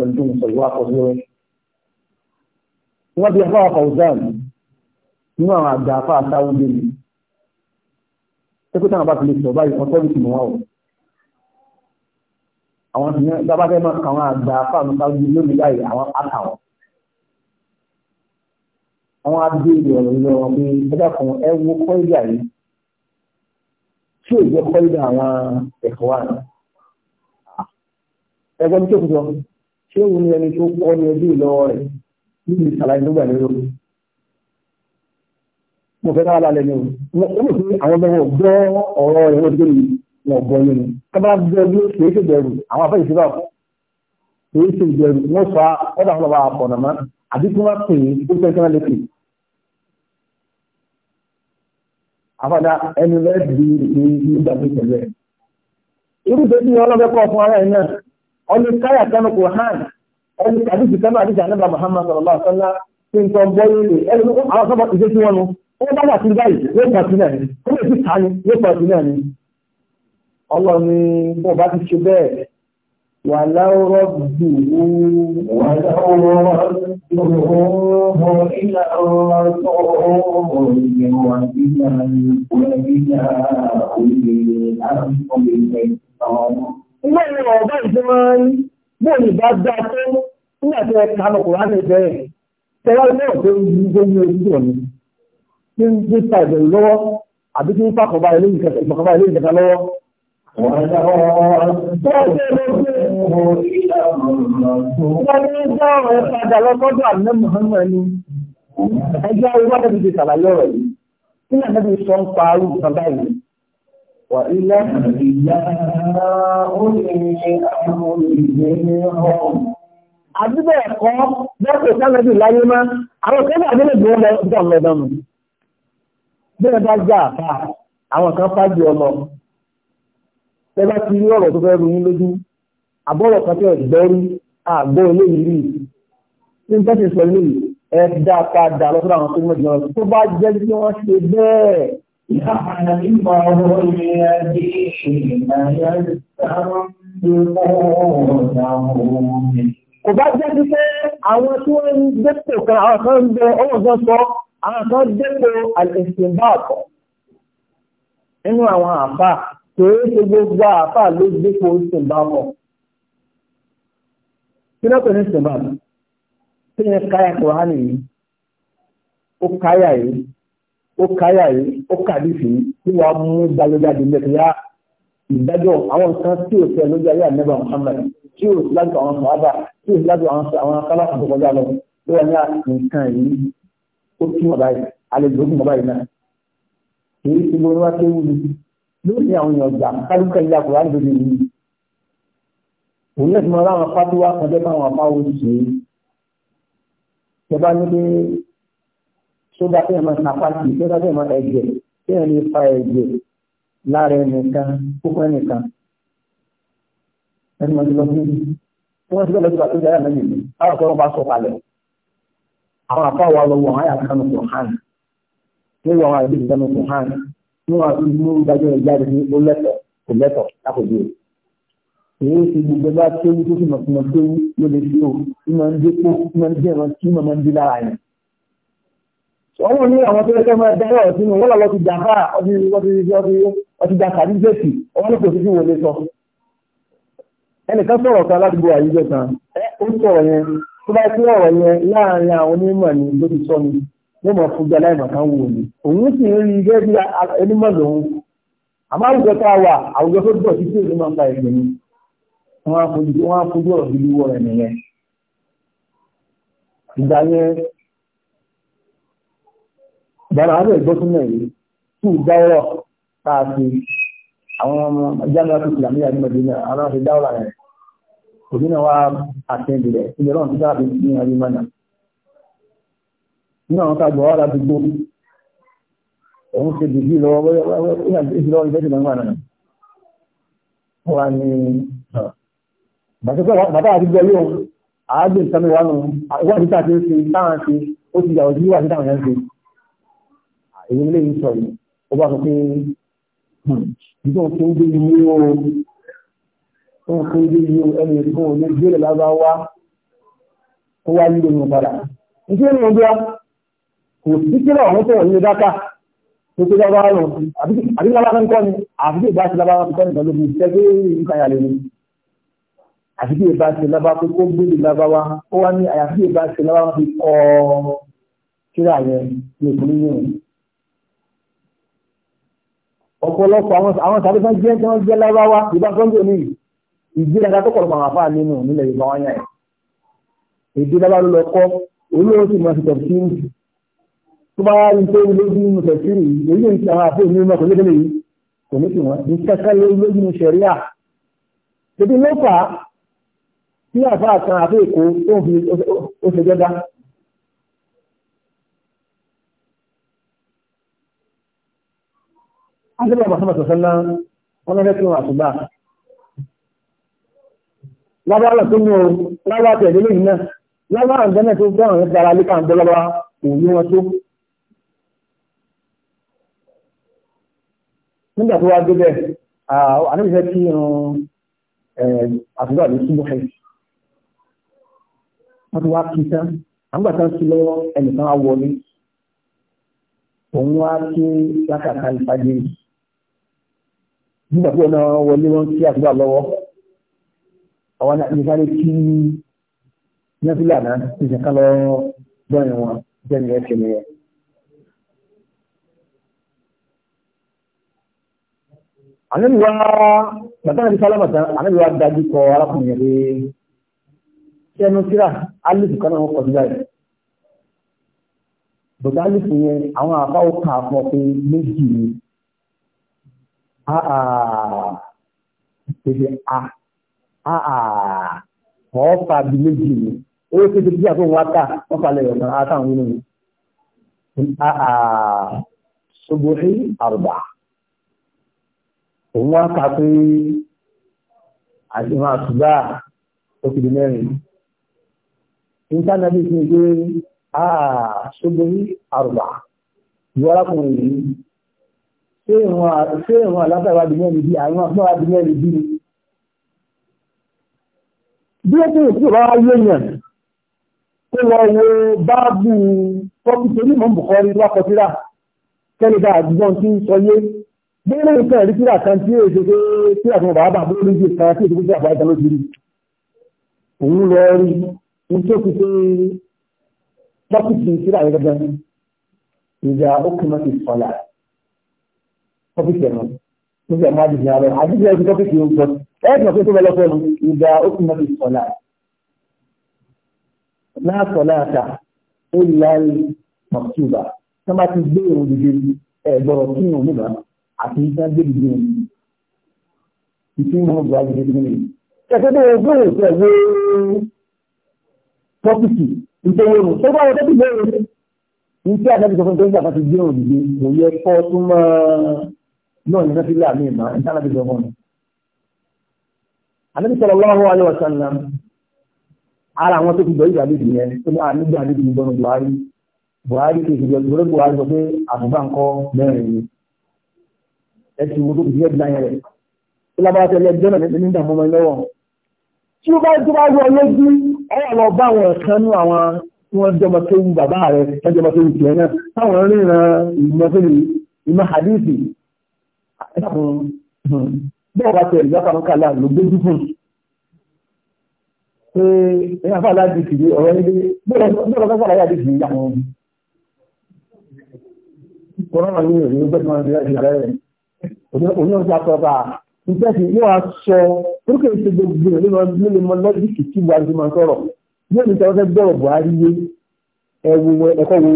wọ́n bí afáwà Fauzan nínú àwọn àgbà afá àtàwọn gbé mi tẹ́kọ̀tà àbá fi lè sọ báyìí ọ̀tọ́rìtì mọ́ ọ̀ àwọn tí dábàá fẹ́ máa kàwọn àgbà afá àtàwọn gbé lórí báyìí àwọn àtàwọn àwọn abéèrè ọ̀rọ̀ ilé wọn pé ẹgbẹ́ kan ẹ wo kọ́ìdà yìí tí ò jẹ́ kọ́ìdà àwọn ẹ̀kọ́ wa ẹgbẹ́ mi tó kù sọ ṣé òun ni ẹni tó kọ́ ni ẹbí ìlọ́wọ́ rẹ̀ níbi ìsàlàyé tó gbà lérò mo fẹ́ dára lálẹ́ ní o ó mọ̀ pé àwọn ọmọ gbọ́ ọ̀rọ̀ rẹ̀ wọ́n ti gbé wọn gbọ́ nínú kábàá gbọ́ bí ó ṣe é ṣe bẹ̀rù àwọn afẹ́ ìṣẹ́ bá kọ́ ṣe é ṣe bẹ̀rù wọ́n fa ọ̀dà àwọn ọba àpọ̀nà mọ́ àbí kí é ó fẹ́ kí wọ́n lè pè é. àfàdà ẹni rẹ̀ di ìgbà tó tẹ̀lé irú tó bí ọlọ́fẹ́ kọ́ fún ara ẹ̀ náà ẹni tàbí ìdìkan náà àdìsí ànábà Muhammad sọlọ́lá ọ̀sánlá tí n tọ́ bọ́ yìí ẹni tó àwọn sọ́mọ ìṣe sí wọn nu wọ́n bá wà sí báyìí yóò pa sí náà ni ó lè fi ta ni yóò pa sí náà ni. ọlọ́run ni bó bá ti ṣe bẹ́ẹ̀ wà láwùrọ̀ bù ú. wà láwùrọ̀ bù ú ilà ọ̀tọ̀ òòyìn wà nígbà òyìnbá òyìn àbúkọ̀ ìgbẹ́ ìtàn. ilé ìwọ̀n ọ̀gá ìṣẹ́ máa ń bóyìí bá dá tó nígbà tí ẹ kanu kùránì bẹ́ẹ̀ tẹ́wọ́ náà tó ń yí tó ń yí ojú ọ̀nà tí ń gbé ta ìbẹ̀rù lọ́wọ́ àbí tí ń fà kọ̀ọ̀bá ilé ìkẹta ìfọ̀kọ̀bá ilé ìkẹta lọ́wọ́. Wọ́n ṣe ń dá ọ̀rẹ́ padà lọ́kọ́dọ̀ àmì Mùhàmmad ni. Ẹjọ́ orí wákàtí ti ṣàlàyé ọ̀rọ̀ yìí. Kí ni àná ti sọ ń pa arúgbó kan báyìí? Wà àdúgbò ẹ̀kọ́ bọ́ọ̀kì sálẹ́bì láyé máa àwọn kan náà délé gbọ́n lọ sí àwọn ọ̀dọ́ mi bẹ́ẹ̀ bá gbà àfà àwọn kan fájú ọmọ bẹ́ẹ̀ bá ti rí ọ̀rọ̀ tó fẹ́ ru yín lójú àbọ̀rọ̀ kan tí ò gbẹ́rú àgbọ̀ eléyìí rí ní nǹkan ti sọ ní ẹ dá padà lọ́sọ́dọ̀ àwọn tó mọ̀jọ́ tó bá jẹ́ kí wọ́n ṣe bẹ́ẹ̀. Ìyáàmà ìmọ̀ ọ̀rọ̀ ìrìnàjò ìṣèlú náà yẹ kò bá jẹ́ wípé àwọn tí wọ́n ń dépò kan àwọn kan ń bẹ ọwọ́ kan sọ àwọn kan dépò àìsìnbáàkọ nínú àwọn àfà kìí ṣe gbogbo àfà ló dépò ìsìnbáàkọ kí náà kò ní ìsìnbáàkọ tí yẹn káyà kò hánì yìí ó káyà yìí ó káyà yìí ó kàdífì yìí tí wàá mú balójáde mẹ́tẹ̀ẹ́yà ìdájọ́ àwọn nǹkan tí ò fẹ́ lójú ayé àmẹ́bà Muhammad tí o sí láti àwọn sàábà tí ò sí láti àwọn akálàkù tó kọjá lọ tó wà ní nǹkan yìí ó túmọ̀ báyìí àlejò ògùn báyìí náà kì í ti gbogbo ní wá tó wù mí lónìí àwọn èèyàn gbà kálukẹ́ ilé àkùrá ní gbogbo yìí òun náà ti mọ láwọn apá tó wá kan jẹ́ báwọn apá wo ṣe é ìjọba ní pé sódà tó yẹ máa sapá sí sódà tó yẹ máa ẹ̀jẹ̀ tó yẹ lè fa ẹ̀jẹ̀ lára ẹnìkan púpọ̀ ẹnìkan ẹni wọn ti lọ sí ibi tí wọn ti lọ lọ́dún àti ìjà yà lẹ́yìn mi àwọn ọ̀sán wọn bá sọ kalẹ̀ àwọn afọ àwọn ọlọ́wọ́ àwọn àyàkà nù kò hàn ní wọn àti ìjà nù kò hàn ní wọn àti ìlú ìdájọ́ ìjáde ní ó lẹ́tọ̀ kò lẹ́tọ̀ lákòjú rẹ̀ èyí ti gbogbo bá tẹ́wú tó sì mọ̀ sí mọ̀ tẹ́wú ló lè fi ó tí máa ń dé kó tí máa ń dé ẹ̀rọ tí máa ń dé lára yẹn. ọ̀hún ní àwọn tó lẹ́kẹ́ máa dáná ọ̀sìn wọn lọ́ọ́ ti jàǹfà ọtí ọtí ọtí ọtí jàǹfà ní jẹ́sì ọ̀hún ní kò sí sí wọlé sọ ẹnìkan sọ̀rọ̀ kan ládùúgbò àyíjọ kan ó sọ̀rọ̀ yẹn tó bá sí ọ̀rọ̀ yẹn láàrin àwọn onímọ̀ ni ló ti sọ ni wọ́n mọ̀ fún jẹ́ aláìmọ̀kan wò ni òun sì ń rí gẹ́gẹ́ bí onímọ̀ lòun àmọ́ àwùjọ tá a wà àwùjọ tó dọ̀ sí tí òun máa ń pa ẹ̀sìn ni wọ́n á fojú ọ̀rọ̀ bíbí wọ̀ rẹ̀ nìyẹn ìgbà yẹn ìdára àwọn ẹ̀gbọ́n tún náà yìí tí ìdáwọ̀ tá a fi àwọn ọmọ jáde láti ìlànà ìyá ní Mẹ́dínà òbí náà wá àtẹ́ǹdì rẹ̀ ilẹ̀ ọlọ́run títà àbí ní ayé mọ́nà nínú àwọn kágbọ̀ wà ládùúgbò òun ṣe dìbí lọ ìlọ ìbẹ́jì náà náà wà ní bàbá àdúgbò yóò àágbé ìsàmì wà nù ìwádìí tàbí ṣe táwọn ṣe ó ti yàwó sí wà sí táwọn yẹn ṣe èyí lè ń sọ yìí ó bá sọ pé ìjọ tó ń gbé ní ooo fún fún ilé yìí ẹni èdè fún òní gbé lè lábá wá ó wá yílò ní padà nítorí ní ọjọ́ kò sí kílọ̀ ọ̀hún tó ní dáká tó tó lábá rọ̀ àbí lábá kan kọ́ ni àfi kí ìbá ti lábá kan kọ́ ni pẹ̀lú bí iṣẹ́ pé nǹkan yà lè ní àfi kí ìbá ti lábá pé kó gbé lè lábá wá ó wá ní àyàfi kí ìbá lábá fi kọ́ kíra yẹn ní ìpínlẹ̀ yẹn ọ̀pọ̀lọpọ̀ àwọn sàbẹ̀sán jẹ́ jẹ́ lábá wá ìbá sọ́ńdọ̀ níyì ìgbéraga tó kọ̀ọ̀kan àfa nínú nílẹ̀ Yorùbá wọn yàn ẹ̀ èdè lábá ló lọ kọ́ olóhùn sì máa fi tọ̀ sí ní tó bá rí tó lójú nínú tẹ̀sí rí èyí ń sàn àfẹ́ ìlú náà kò lé tẹ́lẹ̀ yìí kò ní sì wọ́n ní kẹ́kẹ́ lójú nínú sẹ̀ríà tètè ló fà á tí àfa kan àfẹ́ èkó tó ń fi ó ṣe jọ́dá Adébọ̀ Màsánmà Sọ̀sánná, wọ́n lọ́fẹ́ kí wọ́n àtúgbà lábára tó ní oòrùn lábára tẹ̀lé lóyìn náà lábára ń bẹ́ẹ̀ tó gbọ́n rẹ̀ dára lé káàndọ́ lábára òye wọn tó. nígbà tó wá débẹ̀ àníbìsẹ́ kí irun àtúndà ló túbọ̀ ẹ̀. wọ́n ti wá kí tán àgbà tán sí lọ́wọ́ ẹnìkan á wọlé òun wá kí lákàtà ìfàjẹ́ nígbà tó wọlé wọn kí àtúndà lọ́wọ́ àwọn nìkanlẹ̀ kí nẹ́fílà náà ti ṣẹ̀ká lọ bẹ́ẹ̀ wọn bẹ́ẹ̀ ni ẹ ṣe nìyẹn. àníwá bàtà àti sálámàtà àníwá dájú kọ arákùnrin rẹ tí ẹnu tíra alifu kan náà kọjú láì bùtà alifu yẹn àwọn àbáwò kà á fọ pé méjì ni a a pèsè a mọ̀ ah, ah. ọ́ fa bí méjì ni owó tó ti díjà tó wá ká wọ́n falẹ̀ yọ̀ náà àtàwọn nínú ṣubuhi ah, àrùbà òun wá ká pé àdìmọ̀ àtúbà ó ti di mẹ́rin ìntánẹ́bí fi gbé ṣubuhi àrùbà ìwọ́lákùnrin yìí ṣé ìwọ̀n alábàáwá di mẹ́rin bí àwọn afọ́wá di mẹ́rin bí ni bí ó tẹ̀yẹ̀ tí ìbára yé yẹn tó lọ wo báàbù kọ́kùtù ní mọ̀mù kọ́ rí lọ́kọ̀tíra kẹ́lẹ́dà àdúgbọ́n tí ń sọ yé bẹ́ẹ̀rẹ̀ nǹkan rí tíra kan tí èsè pé tíra kan bàbá bàbá ló lójú kan tí èsè bàbá ìta lójú rí òun lọ rí ní tó fi pé kọ́kùtù tíra yẹn gẹ́gẹ́ ìjà ó kì mọ́ ti sọ̀lá níbi ẹ̀mọ́ àdìsí ààrẹ àdìsí ẹ̀sìn tọ́pìkì ó gbọ́ ẹ̀ẹ́dì ọ̀pẹ́ tó bẹ̀lọ́pẹ́ lu ìgbà ókùn náà fi sọ̀lá láàsọ̀lá àtà ó láàrí mọ̀túbà tó bá ti gbé òun dìde ẹ̀gbọ́rọ̀ kí òun nígbà àti ìgbà gbé dìde ìpín mọ́ gbà dìde dìde nìyí. kẹ̀kẹ́ tó gbé òun tẹ̀ wé tọ́pìkì ìtẹ̀wéru tó bá wọ tọ́pìkì náà ní nọ́fílà mi mà ń tánà bí gbọ́n Ànábì sallallahu alaihi wa sallam ara àwọn tó ti gbọ́ ìgbà bíbí yẹn tó ní ànígbà bíbí ní gbọ́nù Buhari Buhari kì í ṣe gbọ́dọ̀ Buhari sọ pé àbúgbà ńkọ́ mẹ́rin ni ẹ ti wo tó ti yẹ bíláyẹn rẹ̀ tó lábára tẹ́lẹ̀ ẹjọ́ náà ní ìdààmú ọmọ ẹlẹ́wọ̀n tí ó bá tó bá wọ lójú ọ̀rọ̀ lọ bá àwọn ẹ̀kan nú àwọn tí wọ́n jọmọ tó ń bàbá rẹ̀ wọ́n jọmọ tó ń tiẹ̀ náà táwọn ríran ìmọ̀ ẹ̀dàkùn hm, bẹ́ẹ̀ bá tẹ̀lé lápapọ̀ kàlà ló gbé dúkùn pé ẹ̀yà fà láti kìí ọ̀rọ̀ ilé bẹ́ẹ̀ bá sàlàyé àti kìí àwọn ohun kọ́nà ní èrè bẹ́ẹ̀ máa rí ẹ̀ṣẹ̀ rẹ̀ oníwọ̀n ti àtọ́ bá ìjẹ́ sí yóò aṣọ orúkọ ìṣe gbogbo nínú nílé mọ lọ́jíìkì tí buhari ti máa sọ̀rọ̀ yóò ní sọ́wọ́sẹ́ gbọ́rọ̀ buhari yé ẹ̀wọ̀ ẹ̀kọ́ wo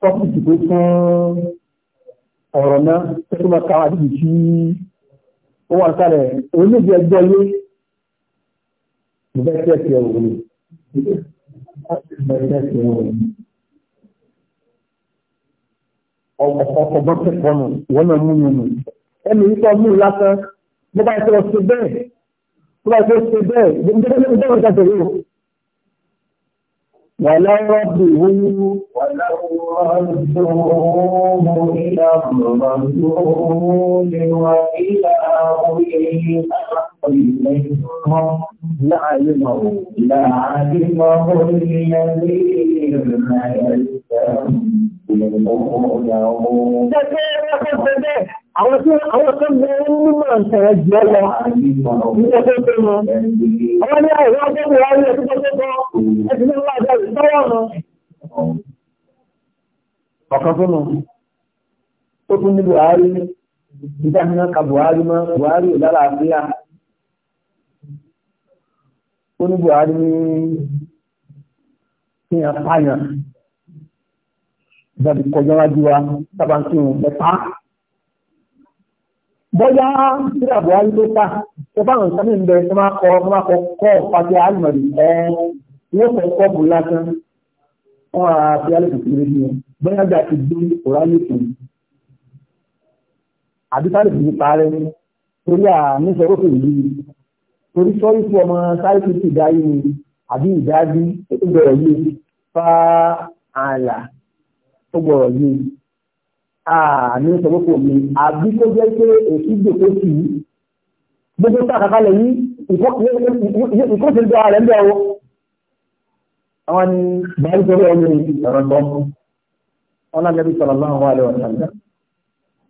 tọ́pìtì tó tán ọ̀rọ̀ náà tó máa káwà dìbò tí ó wà sálẹ̀ oníbi ẹgbẹ́ yé ìbẹ́ tẹ̀sí ẹ̀wọ̀ ni ìbẹ́ tẹ̀sí ẹ̀wọ̀ ni ọ̀pọ̀pọ̀ kẹ́kọ̀ọ́ wọ́n náà mú yẹn nù ẹnu yìí lásán bó bá ṣe bẹ́ẹ̀ bẹ́ẹ̀ ولو ربهم ولو ردوه إلى الرسول وإلى أولي الأمر لعلمه لعلمه الذين يستهزئونه Àwọn tí àwọn tó bẹ̀rẹ̀ nímọ̀ ìṣẹ̀rẹ̀ jẹ́ lọ ní ọjọ́ tó mọ́. Àwọn ní àwọn ọjọ́ tó wáyé ẹ̀sùn tó tó ẹ̀sùn tó wà jẹ́ ìtọ́wọ́ mọ́. Ọ̀kan tó mọ̀, ó tún ní Buhari, ìdáhìnà ka Buhari mọ́, Buhari ò lára àfíà. Ó ní Buhari ní kí a pààyàn. Ìjọba kọjọ́ wájú wa, sábà ń kí wọn mẹ́ta bọ́yá síra buhari ló ta tó bá ń sọ ní ìbẹ̀ tó máa kọ tó máa kọ kọ́ pàṣẹ àlùmọ̀dì ẹ wọ́n fẹ́ kọ́ bù lásán wọn á fi alẹ́kùn sí lórí wọn bọ́yá gbà ti gbé òrálẹ̀ tó àbí sáré fi ti parẹ́ torí àníṣòro kò yí torí sọ́rí fún ọmọ sáré fi ti dá yìí àbí ìdájú ó gbọ́dọ̀ yé fa àlà ó gbọ́dọ̀ yé àmì ìṣòwòpò mi àbí kó jẹ́ pé èsì gbèkó sí i gbogbo sàkàkálẹ̀ yìí ìkóṣèlú ara rẹ̀ ń bẹ̀ o àwọn ni báyìí tó lọ́wọ́ lórí ọ̀rọ̀ tó wọn náà lẹ́bi sọ̀rọ̀ láwọn wà lẹ́wọ̀n náà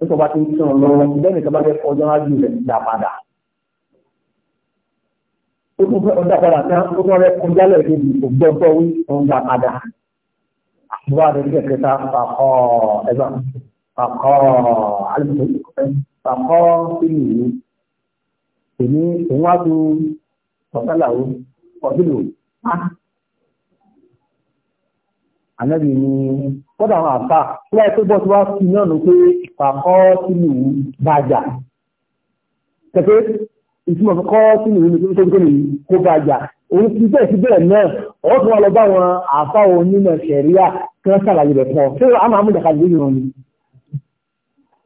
ó sọ bá ti ń sọ̀rọ̀ lọ́wọ́ bẹ́ẹ̀ nìkan bá fẹ́ ọjọ́ rájú rẹ̀ dà padà ó tún fẹ́ ọjà padà tán ó tún fẹ́ kọjá lẹ́ẹ̀kejì ògbọ́n tó wí ó ń dà padà àbúrò Fàkọ́ alùpùpù ìkọ́fẹ́. Fàkọ́ sínú ìlú. Èmi òun wá tu ọ̀sálàwó ọ̀sílò á. Ah. Ànábì ni kọ́dà àwọn àfà tí wáyé pé bọ́ọ̀tù wá fi náà nù pé fàkọ́ sínú ìlú bàjà. Kẹ̀kẹ́ ìtumọ̀ fọ́kọ́ sínú ìlú ni tó ń tó ń kó bàjà òun ti bẹ́ẹ̀ sí bẹ́ẹ̀ náà ọ̀rọ̀ tó wà lọ bá àwọn àfáwọn onímọ̀ ṣẹ̀ríà kí wọ́n ṣàlàyé rẹ̀ fún Ṣé àwọn amúdàkàdé yìí rán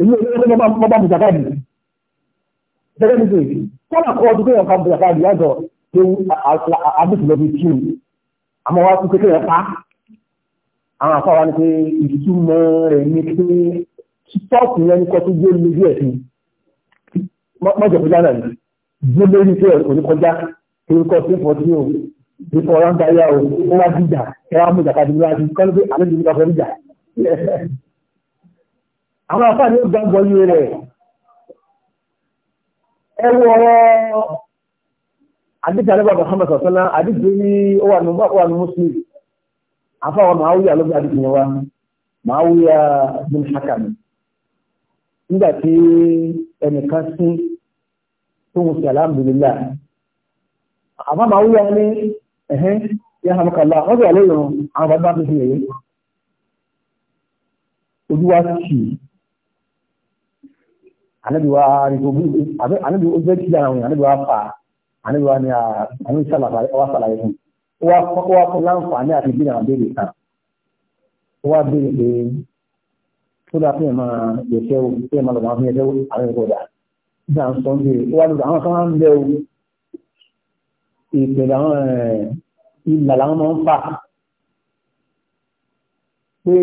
èmi ò lọ́wọ́ mọ́ bá bùjàká bì í gẹ́gẹ́ bí sèé kọ́nà kọ́ ọdún kéèyàn ká bùjàká bì yàtọ̀ pé abúlé bí kí ni àmọ́ wá tún kéèyàn pa àwọn afáwa ni pé ìtumọ̀ rẹ̀ ni pé sítọ́ọ̀kì yẹn ní kọ́ tó gbé lójú ẹ̀ sí mọ́jọ̀ kọjá náà ni gbé lórí pé òní kọjá orúkọ sí fọ́tí o ìfọ̀ ráńdáyà o ó wá dìjà ẹ wá mú jàkadì ní wájú kọ́ni pé àlejò ní ká fọ́ àwọn afá ní ó gbàgbọ́ yìí rẹ̀ ẹwọ ọ̀rọ̀ àdìsí alẹ́bà Muhammad sọ̀tọ́lá àdìsí ní ó wà ní Muslim afá wa máa wúyà lọ́gbà àdìsí wa máa wúyà bin Hakam nígbà tí ẹnìkan sí tó ń sọ alhamdulillah àmọ́ máa wúyà ní ẹ̀hẹ́n yà hàmùkàlá wọ́n sì àwọn bàbá ànábìwá àrígbòbí ànábì ó jẹ́ kíjà àwọn ànábìwá fà á ànábìwá ni àwọn ìṣàlàyé ọwá ṣàlàyé fún ó wá kọ́ láǹfààní àti bí àwọn béèrè kan ó wá béèrè pé tó dáa fún ẹ̀mọ́ yẹ̀ṣẹ́ o fún ẹ̀mọ́ lọ́gbọ̀n fún yẹ̀ṣẹ́ o àwọn ẹ̀kọ́ dà nígbà ń sọ ń béèrè ó wá lọ́dọ̀ àwọn kan ń bẹ o ìpèlè àwọn ìlà làwọn máa ń fà pé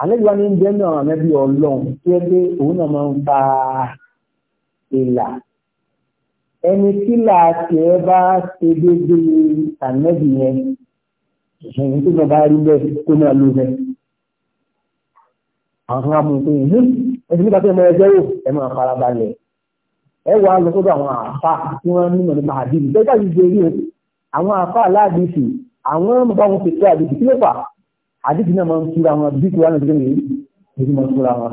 àlejò wa ní ń jẹ́ náà ànábì ọlọ́run tí ẹ pé òun náà máa ń fa ìlà ẹni tí làásì ẹ bá ṣe déédéé ànábì yẹn ẹ̀yìn tó náà bá rí bẹ́ẹ̀ tó náà ló bẹ́ẹ̀ àwọn amú pé ẹ̀sìn nípa tí ẹ ẹgbẹ́ wò ẹ máa fara balẹ̀ ẹ wà lọ sọ́dọ̀ àwọn àfa tí wọ́n ní mọ̀ nípa àdìsí bẹ́ẹ̀ káyìí ṣe rí àwọn àfa aláàdìsí àwọn bá wọn fi tó àdìsí kí ló fà á àdìsí náà máa ń túra wọn bí tiwa náà ti gbé èyí máa ń túra wọn.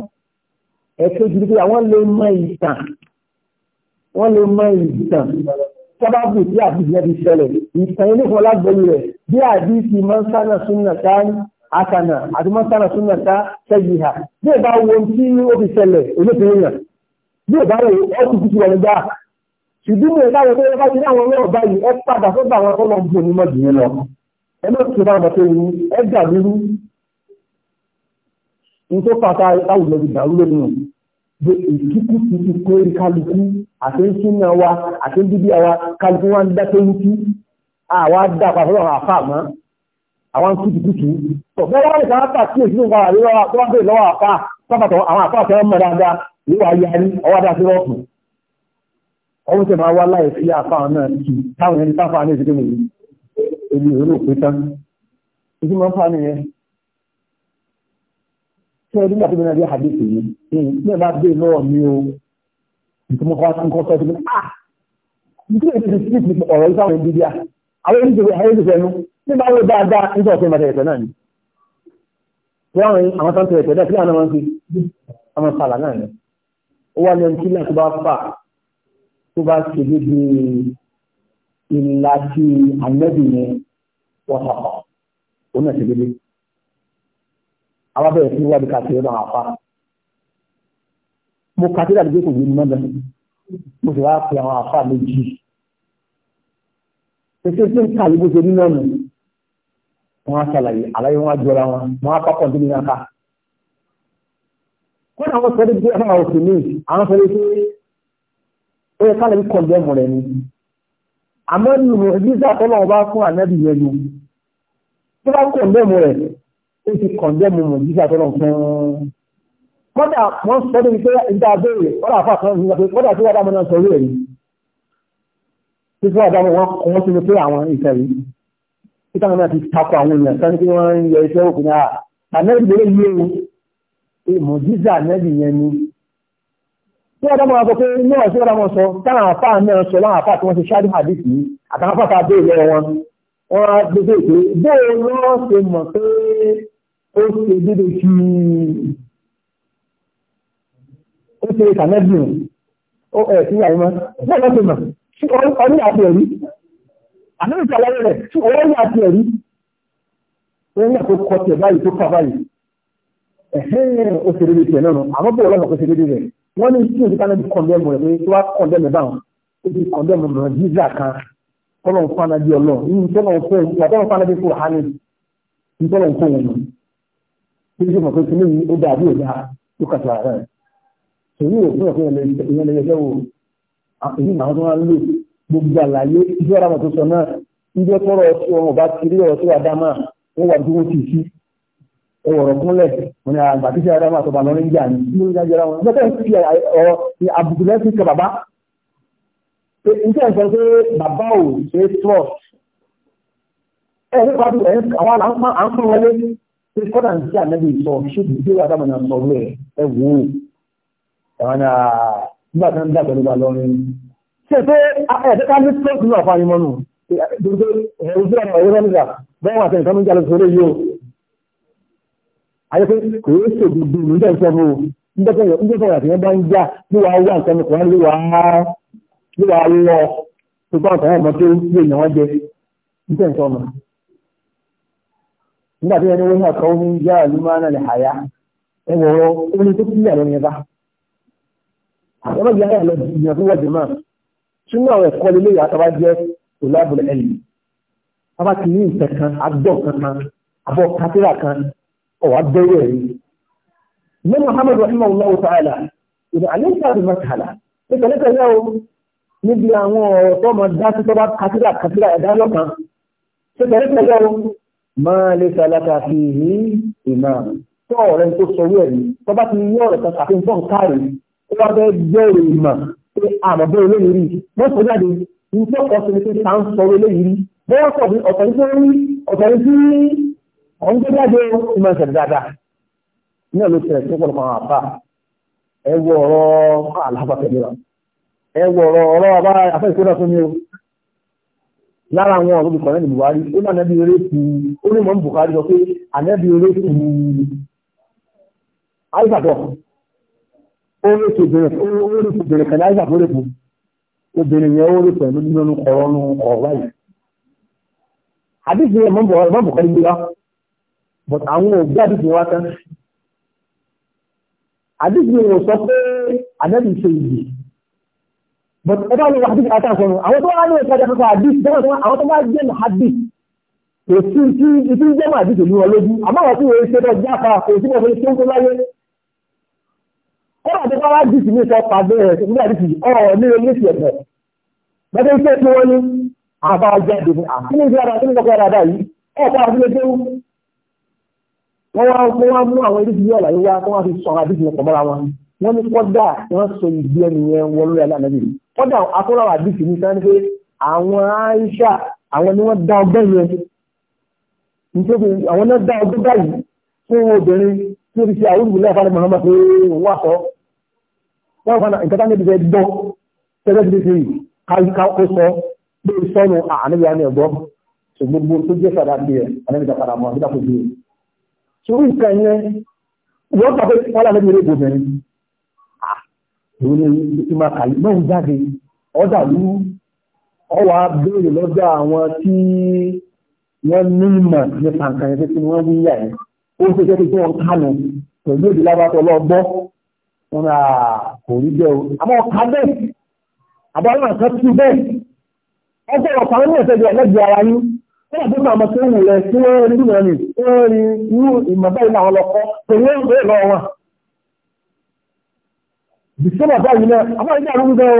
ẹ̀kẹ́ jù pé àwọn lè mọ ìtàn wọ́n lè mọ ìtàn sábàbù tí àdìsí náà ti ṣẹlẹ̀ ìtàn ilé kan lágbẹ̀lú rẹ̀ bí àdìsí máa ń sánà súnà ká àkànà àti máa ń sánà súnà ká ṣẹ́yìn ìhà bí ìbá wo tí ó fi ṣẹlẹ̀ olókùnrin yàn bí ìbá wo ó ẹ má tún bá ọmọ tó yìí ẹ gbà lórí nítorí pàtà láwùjọ ti lórí nù kó rí kálukú àti ń wa àti ń bíbí wa kálukú wa ń dákẹ́ wútú àwa dá pàtàkì àwọn àfa àmọ́ àwọn kùtùkùtù tọ̀ bẹ́ẹ̀ wọ́n kàn ápà kí èsì nǹkan àríwá tó wá bèèrè lọ́wọ́ àpá pápátọ̀ àwọn àpá àti ọmọ dáadáa yóò yarí ọwọ́ sí rọ́ọ̀kù ọwọ́ máa èmi ò rò pé tán ìdí máa ń fa nìyẹn tí ẹni nígbà tó bẹ̀rẹ̀ bí àdéhùn ní ẹ̀bá dé lọ́wọ́ mi o nǹkan mọ́ kọ́ nǹkan sọ́ọ́ tó bí ah nítorí èdè ti sí ìpínlẹ̀ ọ̀rọ̀ ìfáwọn ẹni bíbí à àwọn ẹni tẹ̀wé àwọn ẹni tẹ̀wé ẹnu nígbà wo dáadáa nígbà ọ̀sẹ̀ ìmọ̀tẹ̀ ẹ̀tẹ̀ náà ni tí àwọn àwọn tó ń tẹ̀wé tẹ̀lé kílẹ̀ àwọn máa ń fà tó ìlà tí ànábì ní wọ́sàkọ̀ òun náà ti délé alábẹ̀rẹ̀ fún wádìí káàkiri ọ̀dọ̀ àfa mo ka tí dàbí kò yé mi mọ́bẹ̀ mo sì wá pe àwọn àfa méjì pèsè tí ń ka yìí bó ṣe nínú ọ̀nà wọn á ṣàlàyé àlàyé wọn á jọra wọn wọn á pápọ̀ níbi náà ká kódà àwọn sọ́dọ̀ bí wọ́n á sọ́dọ̀ pé àwọn sọ́dọ̀ pé ó yẹ ká lè kọ́ ọ̀dọ́ ẹ̀mọ́ rẹ̀ ni àmọ́ nínú ìbísà tó náà bá fún ànábì yẹn ni tó bá kọ̀ndẹ́mù rẹ̀ ó ti kọ̀ndẹ́mù mọ̀ ìbísà tó náà fún kọ́dà wọ́n sọ débi pé ìdá béèrè kọ́dà fún àkànṣe ìgbà pé kọ́dà tí wọ́n dámọ́ náà sọ orí ẹ̀rí tí wọ́n dámọ́ wọn kọ́ wọ́n sínú pé àwọn ìfẹ́ yìí tí táwọn náà ti takọ àwọn èèyàn sani pé wọ́n ń yọ tí wọ́n dámọ̀ sọ pé náà sí ọ̀dá wọn sọ táwọn àfáà náà sọ láwọn àfáà tí wọ́n ti ṣáájú hadith yìí àtàwọn àfáà tàbí ilẹ̀ wọn wọ́n á gbégbé pé bóò lọ́ọ́ ṣe mọ̀ pé ó ṣe dédé kí ó ṣe kàmẹ́bìnrin ó ẹ̀ sí àyímọ́ bóò lọ́ọ́ ṣe mọ̀ sí ọrí àti ẹ̀rí àmì ìtàlẹ́rẹ̀ sí ọrí àti ẹ̀rí ó ń yà tó kọ o ẹ̀hẹ́n ó ṣe déédéé tiẹ̀ náà nù o bó ọlọ́mọ kò ṣe déédéé rẹ̀ wọ́n ní tí òṣìṣẹ́ náà ti kọ̀ndẹ́mù rẹ̀ pé tí wàá kọ̀ndẹ́mù báwọn ó ti kọ̀ndẹ́mù rẹ̀ jíjà kan tọ́lọ̀ ń fana bí ọlọ́ nínú tọ́lọ̀ ń fún ìgbà tọ́lọ̀ ń fana bí fún hánì o tọ́lọ̀ ń fún wọn nù o ó ṣe mọ̀ pé kí o ó dàbí ọ̀dà tó kàtà rẹ̀ èyí ò fún ẹ̀kọ́ ìyẹn lè yẹ wò èyí màá tó máa ń lò gbogbo àlàyé ìjọra mọ̀ tó sọ náà ń jẹ́ tọ́rọ̀ ọ̀ṣọ́ ọmọ bá ti rí ọ̀rọ̀ tó wà dá máa wọ́n o dúró tì í sí ọwọ̀rọ̀ gúnlẹ̀ wọn ni àgbà tí sẹ́yà dáhùn àtọ̀bà lọ́rin jà ní bí ó ń jájẹ́ra wọn bẹ́ẹ̀ ń fi ọ̀rọ̀ ni àbùkù lẹ́sìn kan bàbá pé nǹkan ẹ̀sọ́ pé bàbá ò ṣe trust ẹ̀ nípa bí ẹ̀ àwọn à ń pín wọlé pé kọ́dà ń sí ànábì sọ ṣùgbọ́n bí wàá dáhùn náà sọ rẹ̀ ẹ̀ wò ó ẹ̀wọ̀n ni nígbà tí wọ́n dàgbà nípa lọ́rin ṣe pé ẹ̀ẹ́dẹ́ká ní trust náà fáyín mọ́nù ayẹ́pẹ́ kò yẹ sòdì bí mi dẹ́ sọ́mu o nígbàtọ̀ àti yẹn bá ń já ló wàá wá nǹkan nìkan ló wàá lọ tó bá nǹkan ọmọ tó lè yàn wọ́n jẹ nígbà tó ọmọ. nígbà tó yẹn ní kọ́ ní já àlùmọ́ náà lè hàyà ẹ wọ̀rọ̀ ó ní tó kí ìyàwó yẹn bá. àtọ́nà bí ayà lọ ìyàn fún wọ́ọ̀dì náà sínú àwọn ẹ̀kọ́ lélẹ́ yà ọ̀wá bẹ́rẹ̀ rí lẹ́nu Muhammad rahimahullah ta'ala ìdá àlẹ́sà àti mọ́tàlá nípẹ̀lẹ́pẹ̀ náà níbi àwọn ọ̀rọ̀ tó mọ̀ dá sí tọ́ba kásílà kásílà ẹ̀dá lọ́kàn nípẹ̀lẹ́pẹ̀ náà máa lè sàlàkà fi rí ìmọ̀ tó ọ̀rẹ́ tó sọ wẹ̀ rí tọ́ba ti yí ọ̀rọ̀ kan àfi nǹkan káàrí ó wá bẹ́ bẹ́rẹ̀ ìmọ̀ pé àmọ̀ bẹ́rẹ̀ lóyún rí mọ́tò jáde ní tó ni pé ta ń sọ wẹ́ lóyún rí bọ́ọ̀ ọ̀hún tó jáde ìmọ̀ ìṣẹ̀lẹ̀ dáadáa ní ọ̀lọ́ ìṣẹ̀lẹ̀ tó pọ̀lọpọ̀ àwọn àbá ẹ wọ ọ̀rọ̀ alábàtẹ̀lẹ́ra ẹ wọ ọ̀rọ̀ ọ̀rọ̀ àbá afẹ́ ìṣẹ́lẹ̀ fún mi o lára àwọn ọ̀rọ̀ olùkọ́ náà ní Buhari ó náà nẹ́bí eré kù ó ní mọ̀ ní Buhari sọ pé ànẹ́bí eré kù àìsàtọ̀ ó rẹ̀ kù bẹ̀rẹ̀ kan ní àìsàtọ̀ rẹ̀ kù obìnrin yẹn ó rí pẹ̀lú nínú ọ̀rọ̀ ọ̀rọ̀ yìí àdìsí ẹ̀ mọ̀ but àwọn ò gbé àdìsí wa tán àdìsí ò sọ pé àdìsí ṣe ìdì but ẹ bá lè wà àdìsí àtàkùn ọ̀run àwọn tó wà ní ìpàdé àkọ́kọ́ àdìsí tó wà àwọn tó bá jẹ́ àdìsí kò sí tí ibi ń jẹ́mọ̀ àdìsí ní wọn lójú àmọ́ àwọn tí wọ́n ṣe bẹ́ẹ̀ jẹ́ àfà kò sí bẹ́ẹ̀ fẹ́ ṣe ń kó láyé kọ́nà tó bá wá dìsí ní sọ pàdé rẹ̀ nígbà dìsí ọ̀rọ̀ ní ilé ìṣẹ̀ bẹ̀ bẹ́ẹ̀ ṣe tí wọ́n ní àbá ọjà ìdìbò àkínní ìṣẹ́ ara kí ní kọ́kọ́ ara dà yìí ẹ̀ wọ́n wá wọ́n wá mú àwọn eré ìdílé ọ̀la yìí wá wọ́n wá fi sọ̀rọ̀ àdìsí ọkọ̀ mọ́ra wọn wọ́n ní kọ́dà wọ́n sọ ìdí ẹni yẹn wọ́n lórí alánàbì kọ́dà akọ́lọ́wà àdìsí ní sáà ní pé àwọn Aisha àwọn ni wọ́n dá ọgbẹ́ yẹn nítorí àwọn náà dá ọgbẹ́ báyìí fún obìnrin tí ó fi ṣe àwọn ìwúlẹ̀ àfáàní Muhammad pé òun wà sọ wọ́n fana nǹkan tá níbi fẹ́ dán tẹ́lẹ̀ ti fi sórí nǹkan yẹn wọ́n gbà pé wọ́n lálẹ́ mi lébo bẹ̀rẹ̀ ìwé ni ìmọ̀ àkàlì náà ń jáde ọ̀dà lú ọwà béèrè lọ́dọ̀ àwọn tí wọ́n ní ìmọ̀ nípa nǹkan yẹn tí wọ́n wí yà yẹn ó ṣe jẹ́ pé wọ́n kánú pẹ̀lú èdè lábàtọ̀ lọ́gbọ́ wọn à kò rí bẹ́ẹ̀ o àmọ́ ọ̀ka bẹ́ẹ̀ àbọ̀ àwọn àkàtú bẹ́ẹ̀ ọgbọ̀rọ̀ kan ní ẹ̀sẹ̀ wọ́n tó sọ ọmọ tó wù lẹ tí wọ́n rí nínú ẹni tí wọ́n rí inú ìmọ̀ báyìí làwọn lọ kọ́ pẹ̀lú ẹgbẹ́ lọ wọn. bìsọ́nà báyìí náà àwọn ilé àwọn ọmọdé o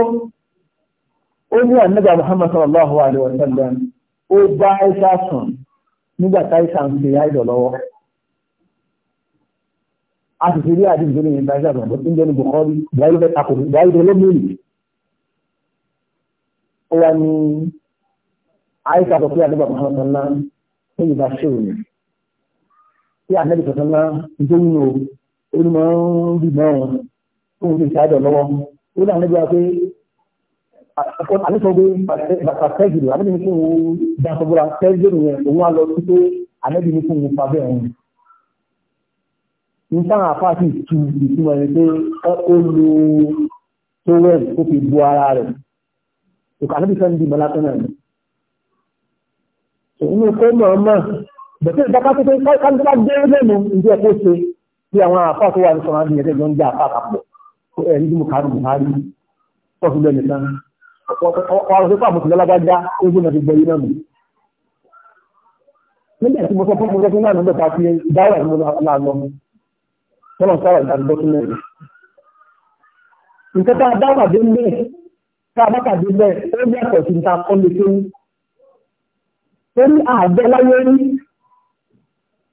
ó ní ànágbà Muhammad sallallahu alaihi wa sallam ó bá aisha sùn nígbà tá aisha ń ṣe àìdọ̀ lọ́wọ́. a sì fi rí àdìs ní aisha sọ̀rọ̀ tó ń jẹ́ ní Bukhari ìgbà ayélujára lọ́mọ́ni. ó wá ní àyíká sọ pé àdébà kan sọ náà ní ìgbà ṣéwò ni tí àdébà sọ náà ń tó wúlò ó ní máa ń bì náà fún ìgbà ìṣáájọ lọ́wọ́ ó ní àdébà pé àníṣọ pé bàtà tẹ́gìrì àdébà ní kí wọ́n dá sọ búra tẹ́gìrì yẹn òun á lọ sí pé àdébà ní kí wọ́n fa bẹ́ẹ̀ wọn. nípa àfáàsì tu ìtumọ̀ ẹni pé ó lo tówẹ́ẹ̀lì tó fi bu ara rẹ̀ ìkànnì sẹ́ni di mọ́lá tó náà inú kó mọ̀ mọ̀ bẹ̀tẹ̀ ìdáká tó fẹ́ káńtà dé lẹ́nu ìdí ẹ̀kọ́ ṣe bí àwọn àfà tó wà ní sọ̀rọ̀ àbí ẹ̀kẹ́ jọ ń jẹ́ àfà àpapọ̀ ẹ̀rí bí mo kà á Buhari pọ̀sù bẹ́ẹ̀ nìkan ọ̀rọ̀ tó pàmò sílẹ̀ lágbájá ó gbé náà ti gbọ́ yín náà nù. nígbà tí mo sọ fún mo fún náà nígbà tí ìdáwà ìmú náà lọ tọ́lọ̀ sọ̀rọ̀ ìdánilọ́ tún lẹ́yìn. nǹkan tá a dáwà dé mẹ́ẹ̀ tá a bá kà dé mẹ́ẹ̀ ó yàtọ̀ sí ta kọ́lé tó torí ààbẹ̀ láyé rí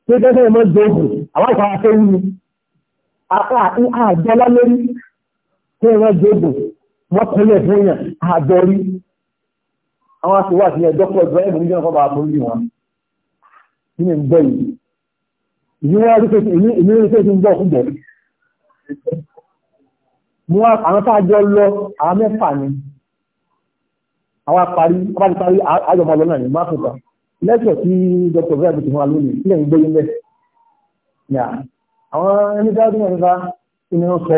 tí gẹ́gẹ́ mọ́ jẹ́gùn àwọn ìfara tó wú ni apá ààbẹ̀ láyé rí tí wọ́n jẹ́gùn wọ́n kúnlẹ̀ fún yàn ààbẹ̀ rí àwọn aṣòwò àti ẹ̀jọ́ pọ̀ jọ ẹ̀mù níjọ́ ọkọ̀ bá borí wọn nínú ìgbọ́ yìí ìyí wọ́n rí pé ìyí rí pé ń àwọn tá a jọ lọ àwọn mẹ́fà ni àwọn parí àwọn parí àjọmọ̀ lọ́nà lẹ́tọ̀ tí dr vẹ́ẹ̀bù ti fún wa lónìí sílẹ̀ ń gbé yín bẹ́ẹ̀. yà àwọn ẹni tí a dúró nípa inú sọ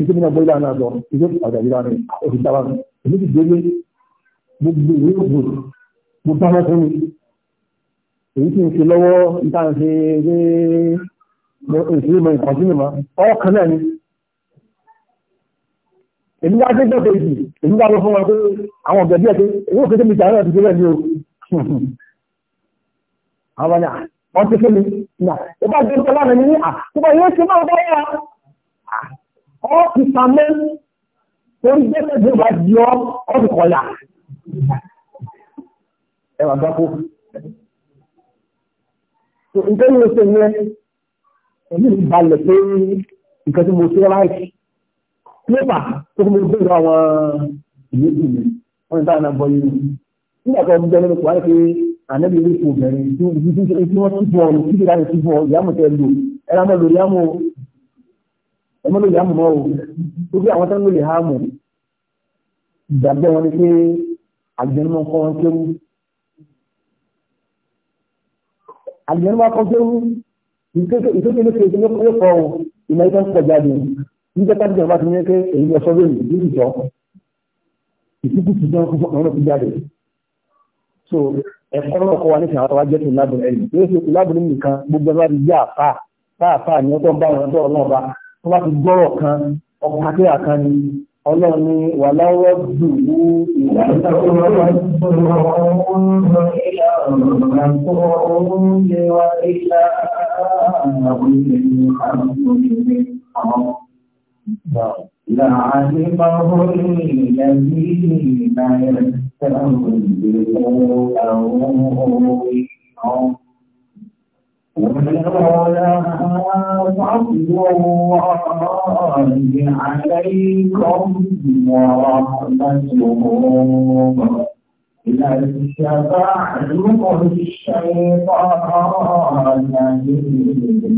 ìṣe mi náà gbé ìlànà àjọ ìṣe ọ̀dà ìlànà oṣù tàbá mi èmi ti délé gbogbo ìwé ògbò mo bá wọn fún mi èyí tí n ṣe lọ́wọ́ níta ń ṣe ṣe ìṣe mọ ìkànsí mi mọ ọkàn náà ni èmi bá dé dọ́kẹ́ ìdì èmi bá lọ fún wa pé àwọn ọ̀gẹ̀dẹ̀ pé èmi ò kéde mi jà náà ti dé bẹ́ẹ̀ ni o àwọn ni àwọn ah, ti fún mi nà ìbá jẹ́ ìjọba mi ní à ìbá yóò ti máa bọ́ yà ah, ọ́ ti sàmẹ́ torí gbẹ́sẹ̀ tí ó bá di ọ́ ọ́ ti kọ̀yà ẹwà gbáko nǹkan ní oṣù yẹn ẹ̀mí mi balẹ̀ pé nǹkan tí mo ṣe láìsí nípa tó mo gbé àwọn ìyókù mi wọ́n ń dáná bọ́ yìí nígbà tó ń bẹ nínú kò wáyé pé ànábì ilé ìfò obìnrin tí wọ́n ti bọ̀ ọ̀rọ̀ títí láti ti bọ̀ ìyàmù tẹ lò ẹ̀rọ mọ́ lórí àmù ẹ̀mọ́ lórí àmù mọ́ o tó bí àwọn tó ń lò lè há mù ìgbàgbọ́ wọn ni pé àgbẹ̀numọ́ kọ́ wọn kéwú àgbẹ̀numọ́ kọ́ kéwú ìtókè ní kéwú ló kọ́ ọ ìmọ̀ ìtọ́ ń pọ̀ jáde nígbà tá ìjọba ti ní pé èyí lọ sọ́wọ́ èyí ìdí ìjọ ìtúkù ti jẹun so ẹ̀kọ́ náà kọ́ wa ní sàwọn àwájẹ́ tó lábùn ẹ̀yìn tí ó ṣe lábùn nìkan gbogbo ẹ̀rọ àti yá àfà láàfà ní ọjọ́ bá wọn ọjọ́ ọlọ́run bá tó bá ti gbọ́rọ̀ kan ọkọ̀ akéwà kan ni ọlọ́run ni wà láwọ́ dùn ú ìlà لعلمه الذين يستنبطونه ولولا فضل الله عليكم ورحمته لاتبعتم الشيطان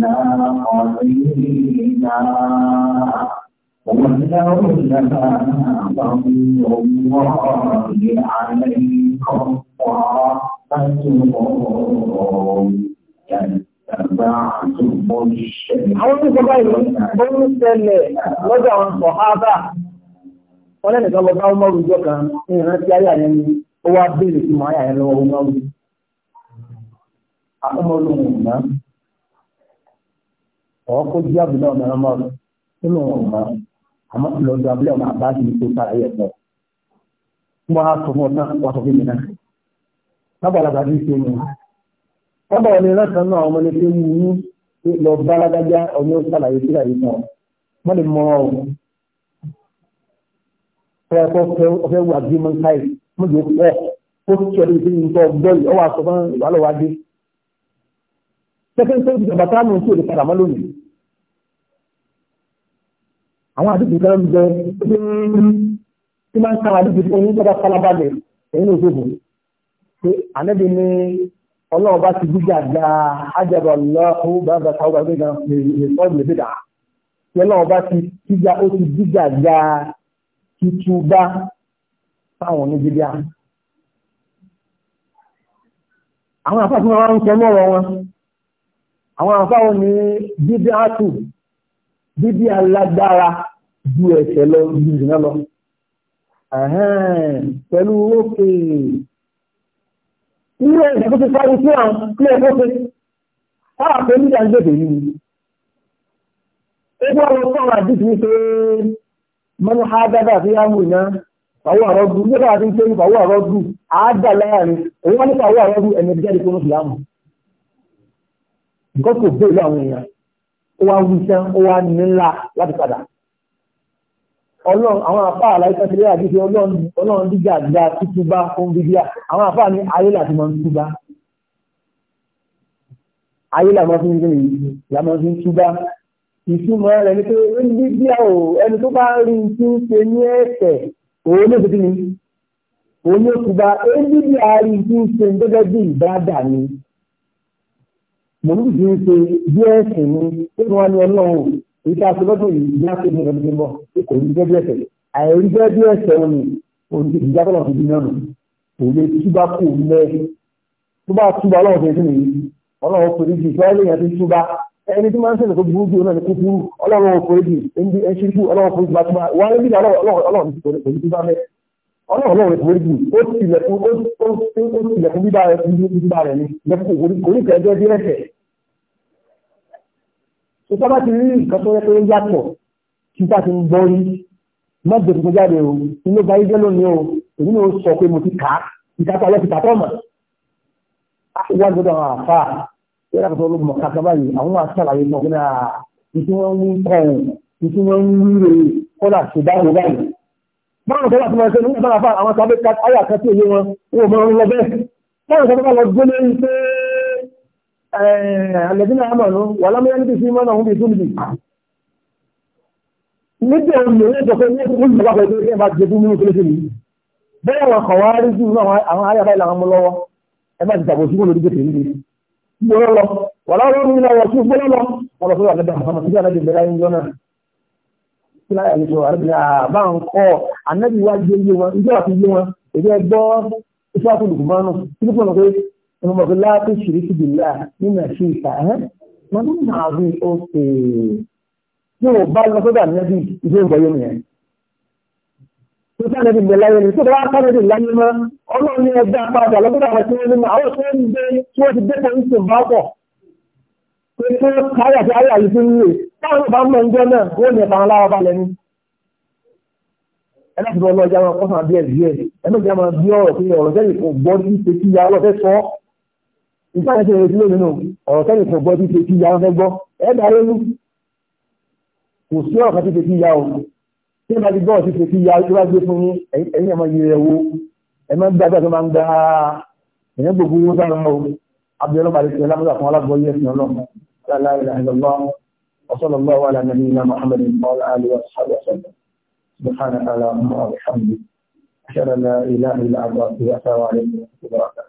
إلا قليلا ولولا فضل الله عليكم ورحمته Àwọn ń ṣẹlẹ̀ lọ́jọ́ àwọn sọ̀hábà. Wọ́n lẹ́nì kan lọ bá ọmọ òrùjọ kan ní ìrántí ayà yẹn ni ó wá béèrè sí máa yà yẹn ọmọ òrùjọ àmọ́ lọ́dọ̀ abúlé ọmọ àbá ti tó sára yẹ pọ̀ mo á sọ fún ọ náà wà sọ fún mi náà lábàlábà bí ṣe mi ọba ọ̀nà iná kan náà ọmọ ní pé wù ú lọ bá ládájá ọmọ sàlàyé sílà yìí kan wọ́n lè mọ ọ́ fẹ́ kọ́ fẹ́ wù agreement àwọn àdúgbò kan bẹ tí máa ń kára àdúgbò tí oyún gbọ́dọ̀ kálábàlẹ̀ ẹ̀yìn òṣèlú pé ànábì ni ọlọ́run bá ti gbígbà gba ájàbọ̀ lọ́hùn bàbá sáwọ́ gbàgbé gan ìfọ́ọ̀dù lè bèdà tí ọlọ́run bá ti gbígbà ó ti gbígbà gba tuntun bá fáwọn onígbèdè àwọn. àwọn àfáàfin wọn ń sọ lọ́rọ̀ wọn àwọn àfáwọn ní bíbí àtù bíbí alágbára ju ẹ̀ṣẹ̀ lọ ju ìrìnà lọ pẹ̀lú ókè ilé ẹ̀ṣẹ̀ tó ti parí sí àwọn ilé ẹ̀kọ́ pé wọ́n àpẹ nígbà ń gbèdè yìí ẹgbẹ́ ọ̀rọ̀ fún àwọn àdìsí ní pé mọ́nú ha dáadáa sí àmú iná pàwọ́ àrọ́dù nígbà àti ń pé pàwọ́ àrọ́dù àádà láàrin òun wọ́n ní pàwọ́ àrọ́dù ẹni ẹgbẹ́ ìkó ní ìlàmù nǹkan kò gbé ìlú àwọn èèyàn ó wá wí sẹ́n ó wá nílá láti padà ọlọ́run àwọn afá àláìsẹ́ ti lé àdíṣe ọlọ́run dígbà dá títúbá fún bíbíà àwọn afá ní ayé láti máa ń túbá ayé làmọ́ fi ń rìn làmọ́ fi ń túbá ìtumọ̀ rẹ̀ ni pé bíbíà ò ẹni tó bá rí tí ń ṣe ní ẹ̀ṣẹ̀ òun ló ti ní òun ló túbá ẹni bíbíà rí tí ń ṣe gẹ́gẹ́ bí ìbáàdà ni mò ń bí ń ṣe bí ẹ̀sìn ni ó wọn ni ọlọ́run ìta àtúbọ̀tún ìgbà tó ní ọdún tó ń bọ̀ kò ní gẹ́gẹ́ bí ẹ̀sẹ̀ àìrí gẹ́gẹ́ bí ẹ̀sẹ̀ wọn ni ìjà tó lọ fi dínà nù kò lè túbá kù lẹ tó bá túbá ọlọ́run fẹ́ẹ́ sínú yìí ọlọ́run kò ní jù sọ ẹ́lẹ́yìn àti túbá ẹni tí máa ń sẹ̀lẹ̀ tó burú jù náà ní kúkúrú ọlọ́run kò ní jù ẹni ẹṣin kú ọlọ́run kò ní jù bá wà ní bí ọlọ́run kò ní túbá mẹ́ ọlọ́run ọlọ́run kò ní jù ó tilẹ̀kùn bíbá rẹ̀ ní kò ní kẹ́ẹ́jọ́ bí ẹ̀sẹ̀ ìtọ́ bá ti rí nǹkan tó yẹ pé yàtọ̀ kí tá ti ń gbọ́ rí mọ́jọ tuntun jáde o inú bá yíjẹ́ lónìí o èmi ni ó sọ pé mo ti kà á ìtàkùn alẹ́ ti tàtọ́ mọ̀ wá gbọ́dọ̀ àwọn àfa yẹ́nà kàtọ́ ológun ọ̀ka kan báyìí àwọn máa ṣàlàyé mọ̀ pé náà ìtú wọn ń kọ̀ ọ̀ ìtú wọn ń wúre kọ́dà ṣùgbọ́n báyìí. báwo ni kọ́dà tó máa ṣe nígbà tó máa fa àwọn sábẹ́ káyà kan tí òye wọn wọn ò àlẹ́dínà àmàlú wà lámúyẹ́ níbi sí mọ́nà òun bí túnbì níbi òun lè rí ìjọpẹ́ ní ìlú ìjọba pẹ̀lú ẹgbẹ́ bá ti dún nínú kílódé yìí bẹ́ẹ̀ wọn kàn wá rí jù náà àwọn ayábá ìlànà mú lọ́wọ́ ẹ má ti tàbí òṣìṣẹ́ olórí gbèsè níbi gbọ́nà lọ wà láwọn ọmọ ìlànà wọ̀ṣù gbọ́nà lọ wọn lọ sọ́dọ̀ ọmọkù láàpù ṣìríkì bìlá nínú ẹ̀ṣin ìta ẹ̀ wọn ní màá rí òkè yóò bá lọ sọ́dọ̀ ànábì ìṣe ìgbọ̀yọ́ nìyẹn. tó sáré ti gbẹ̀lá yẹn ni tó bá sáré ti láyé mọ́ ọlọ́run ní ẹgbẹ́ apáta lọ́sọ̀dọ̀ àwọn tí wọ́n ní mọ́ àwọn tó ń gbé tí wọ́n ti dé pẹ̀lú ìṣìn bá pọ̀ pé kí wọ́n kárí àti ayé àyè tó ń lè táwọn bá mọ̀ ń jọ náà wọ́n ní ẹ̀fà aláwọ̀ balẹ̀ ni ẹlẹ́sìn ọlọ́jà wọn kọ́sàn-án bí ẹ̀ bí ẹ̀ ẹ̀mẹ́jà máa bí ọ̀rọ̀ pé ọ̀rọ̀ sẹ́yìn kò gbọ́ sí ṣe kí ya ọlọ́fẹ́ sọ ọ́ ìgbàlẹ̀ tí ìrètí lónìí nù ọ̀rọ̀ tẹ́lẹ̀ kò gbọ́ títí tí ìyá fẹ́ gbọ́ ẹ̀dà lónú kò sí ọ̀kan títí tí ìyá o tí ìbá ti gbọ́ títí tí ìyá tó bá gbé fún ẹ̀yìn ẹ̀mọ yìí rẹ̀ wo ẹ̀mọ gbé agbá tó máa ń gba ẹ̀yìn gbogbo owó sára o abiyọ́lọ́ bàlẹ̀ tí ọlámọ́lá fún alágbọ́ yẹ ẹ̀sìn ọlọ́mọ Subhanaka Allahumma wa bihamdika ashhadu an la ilaha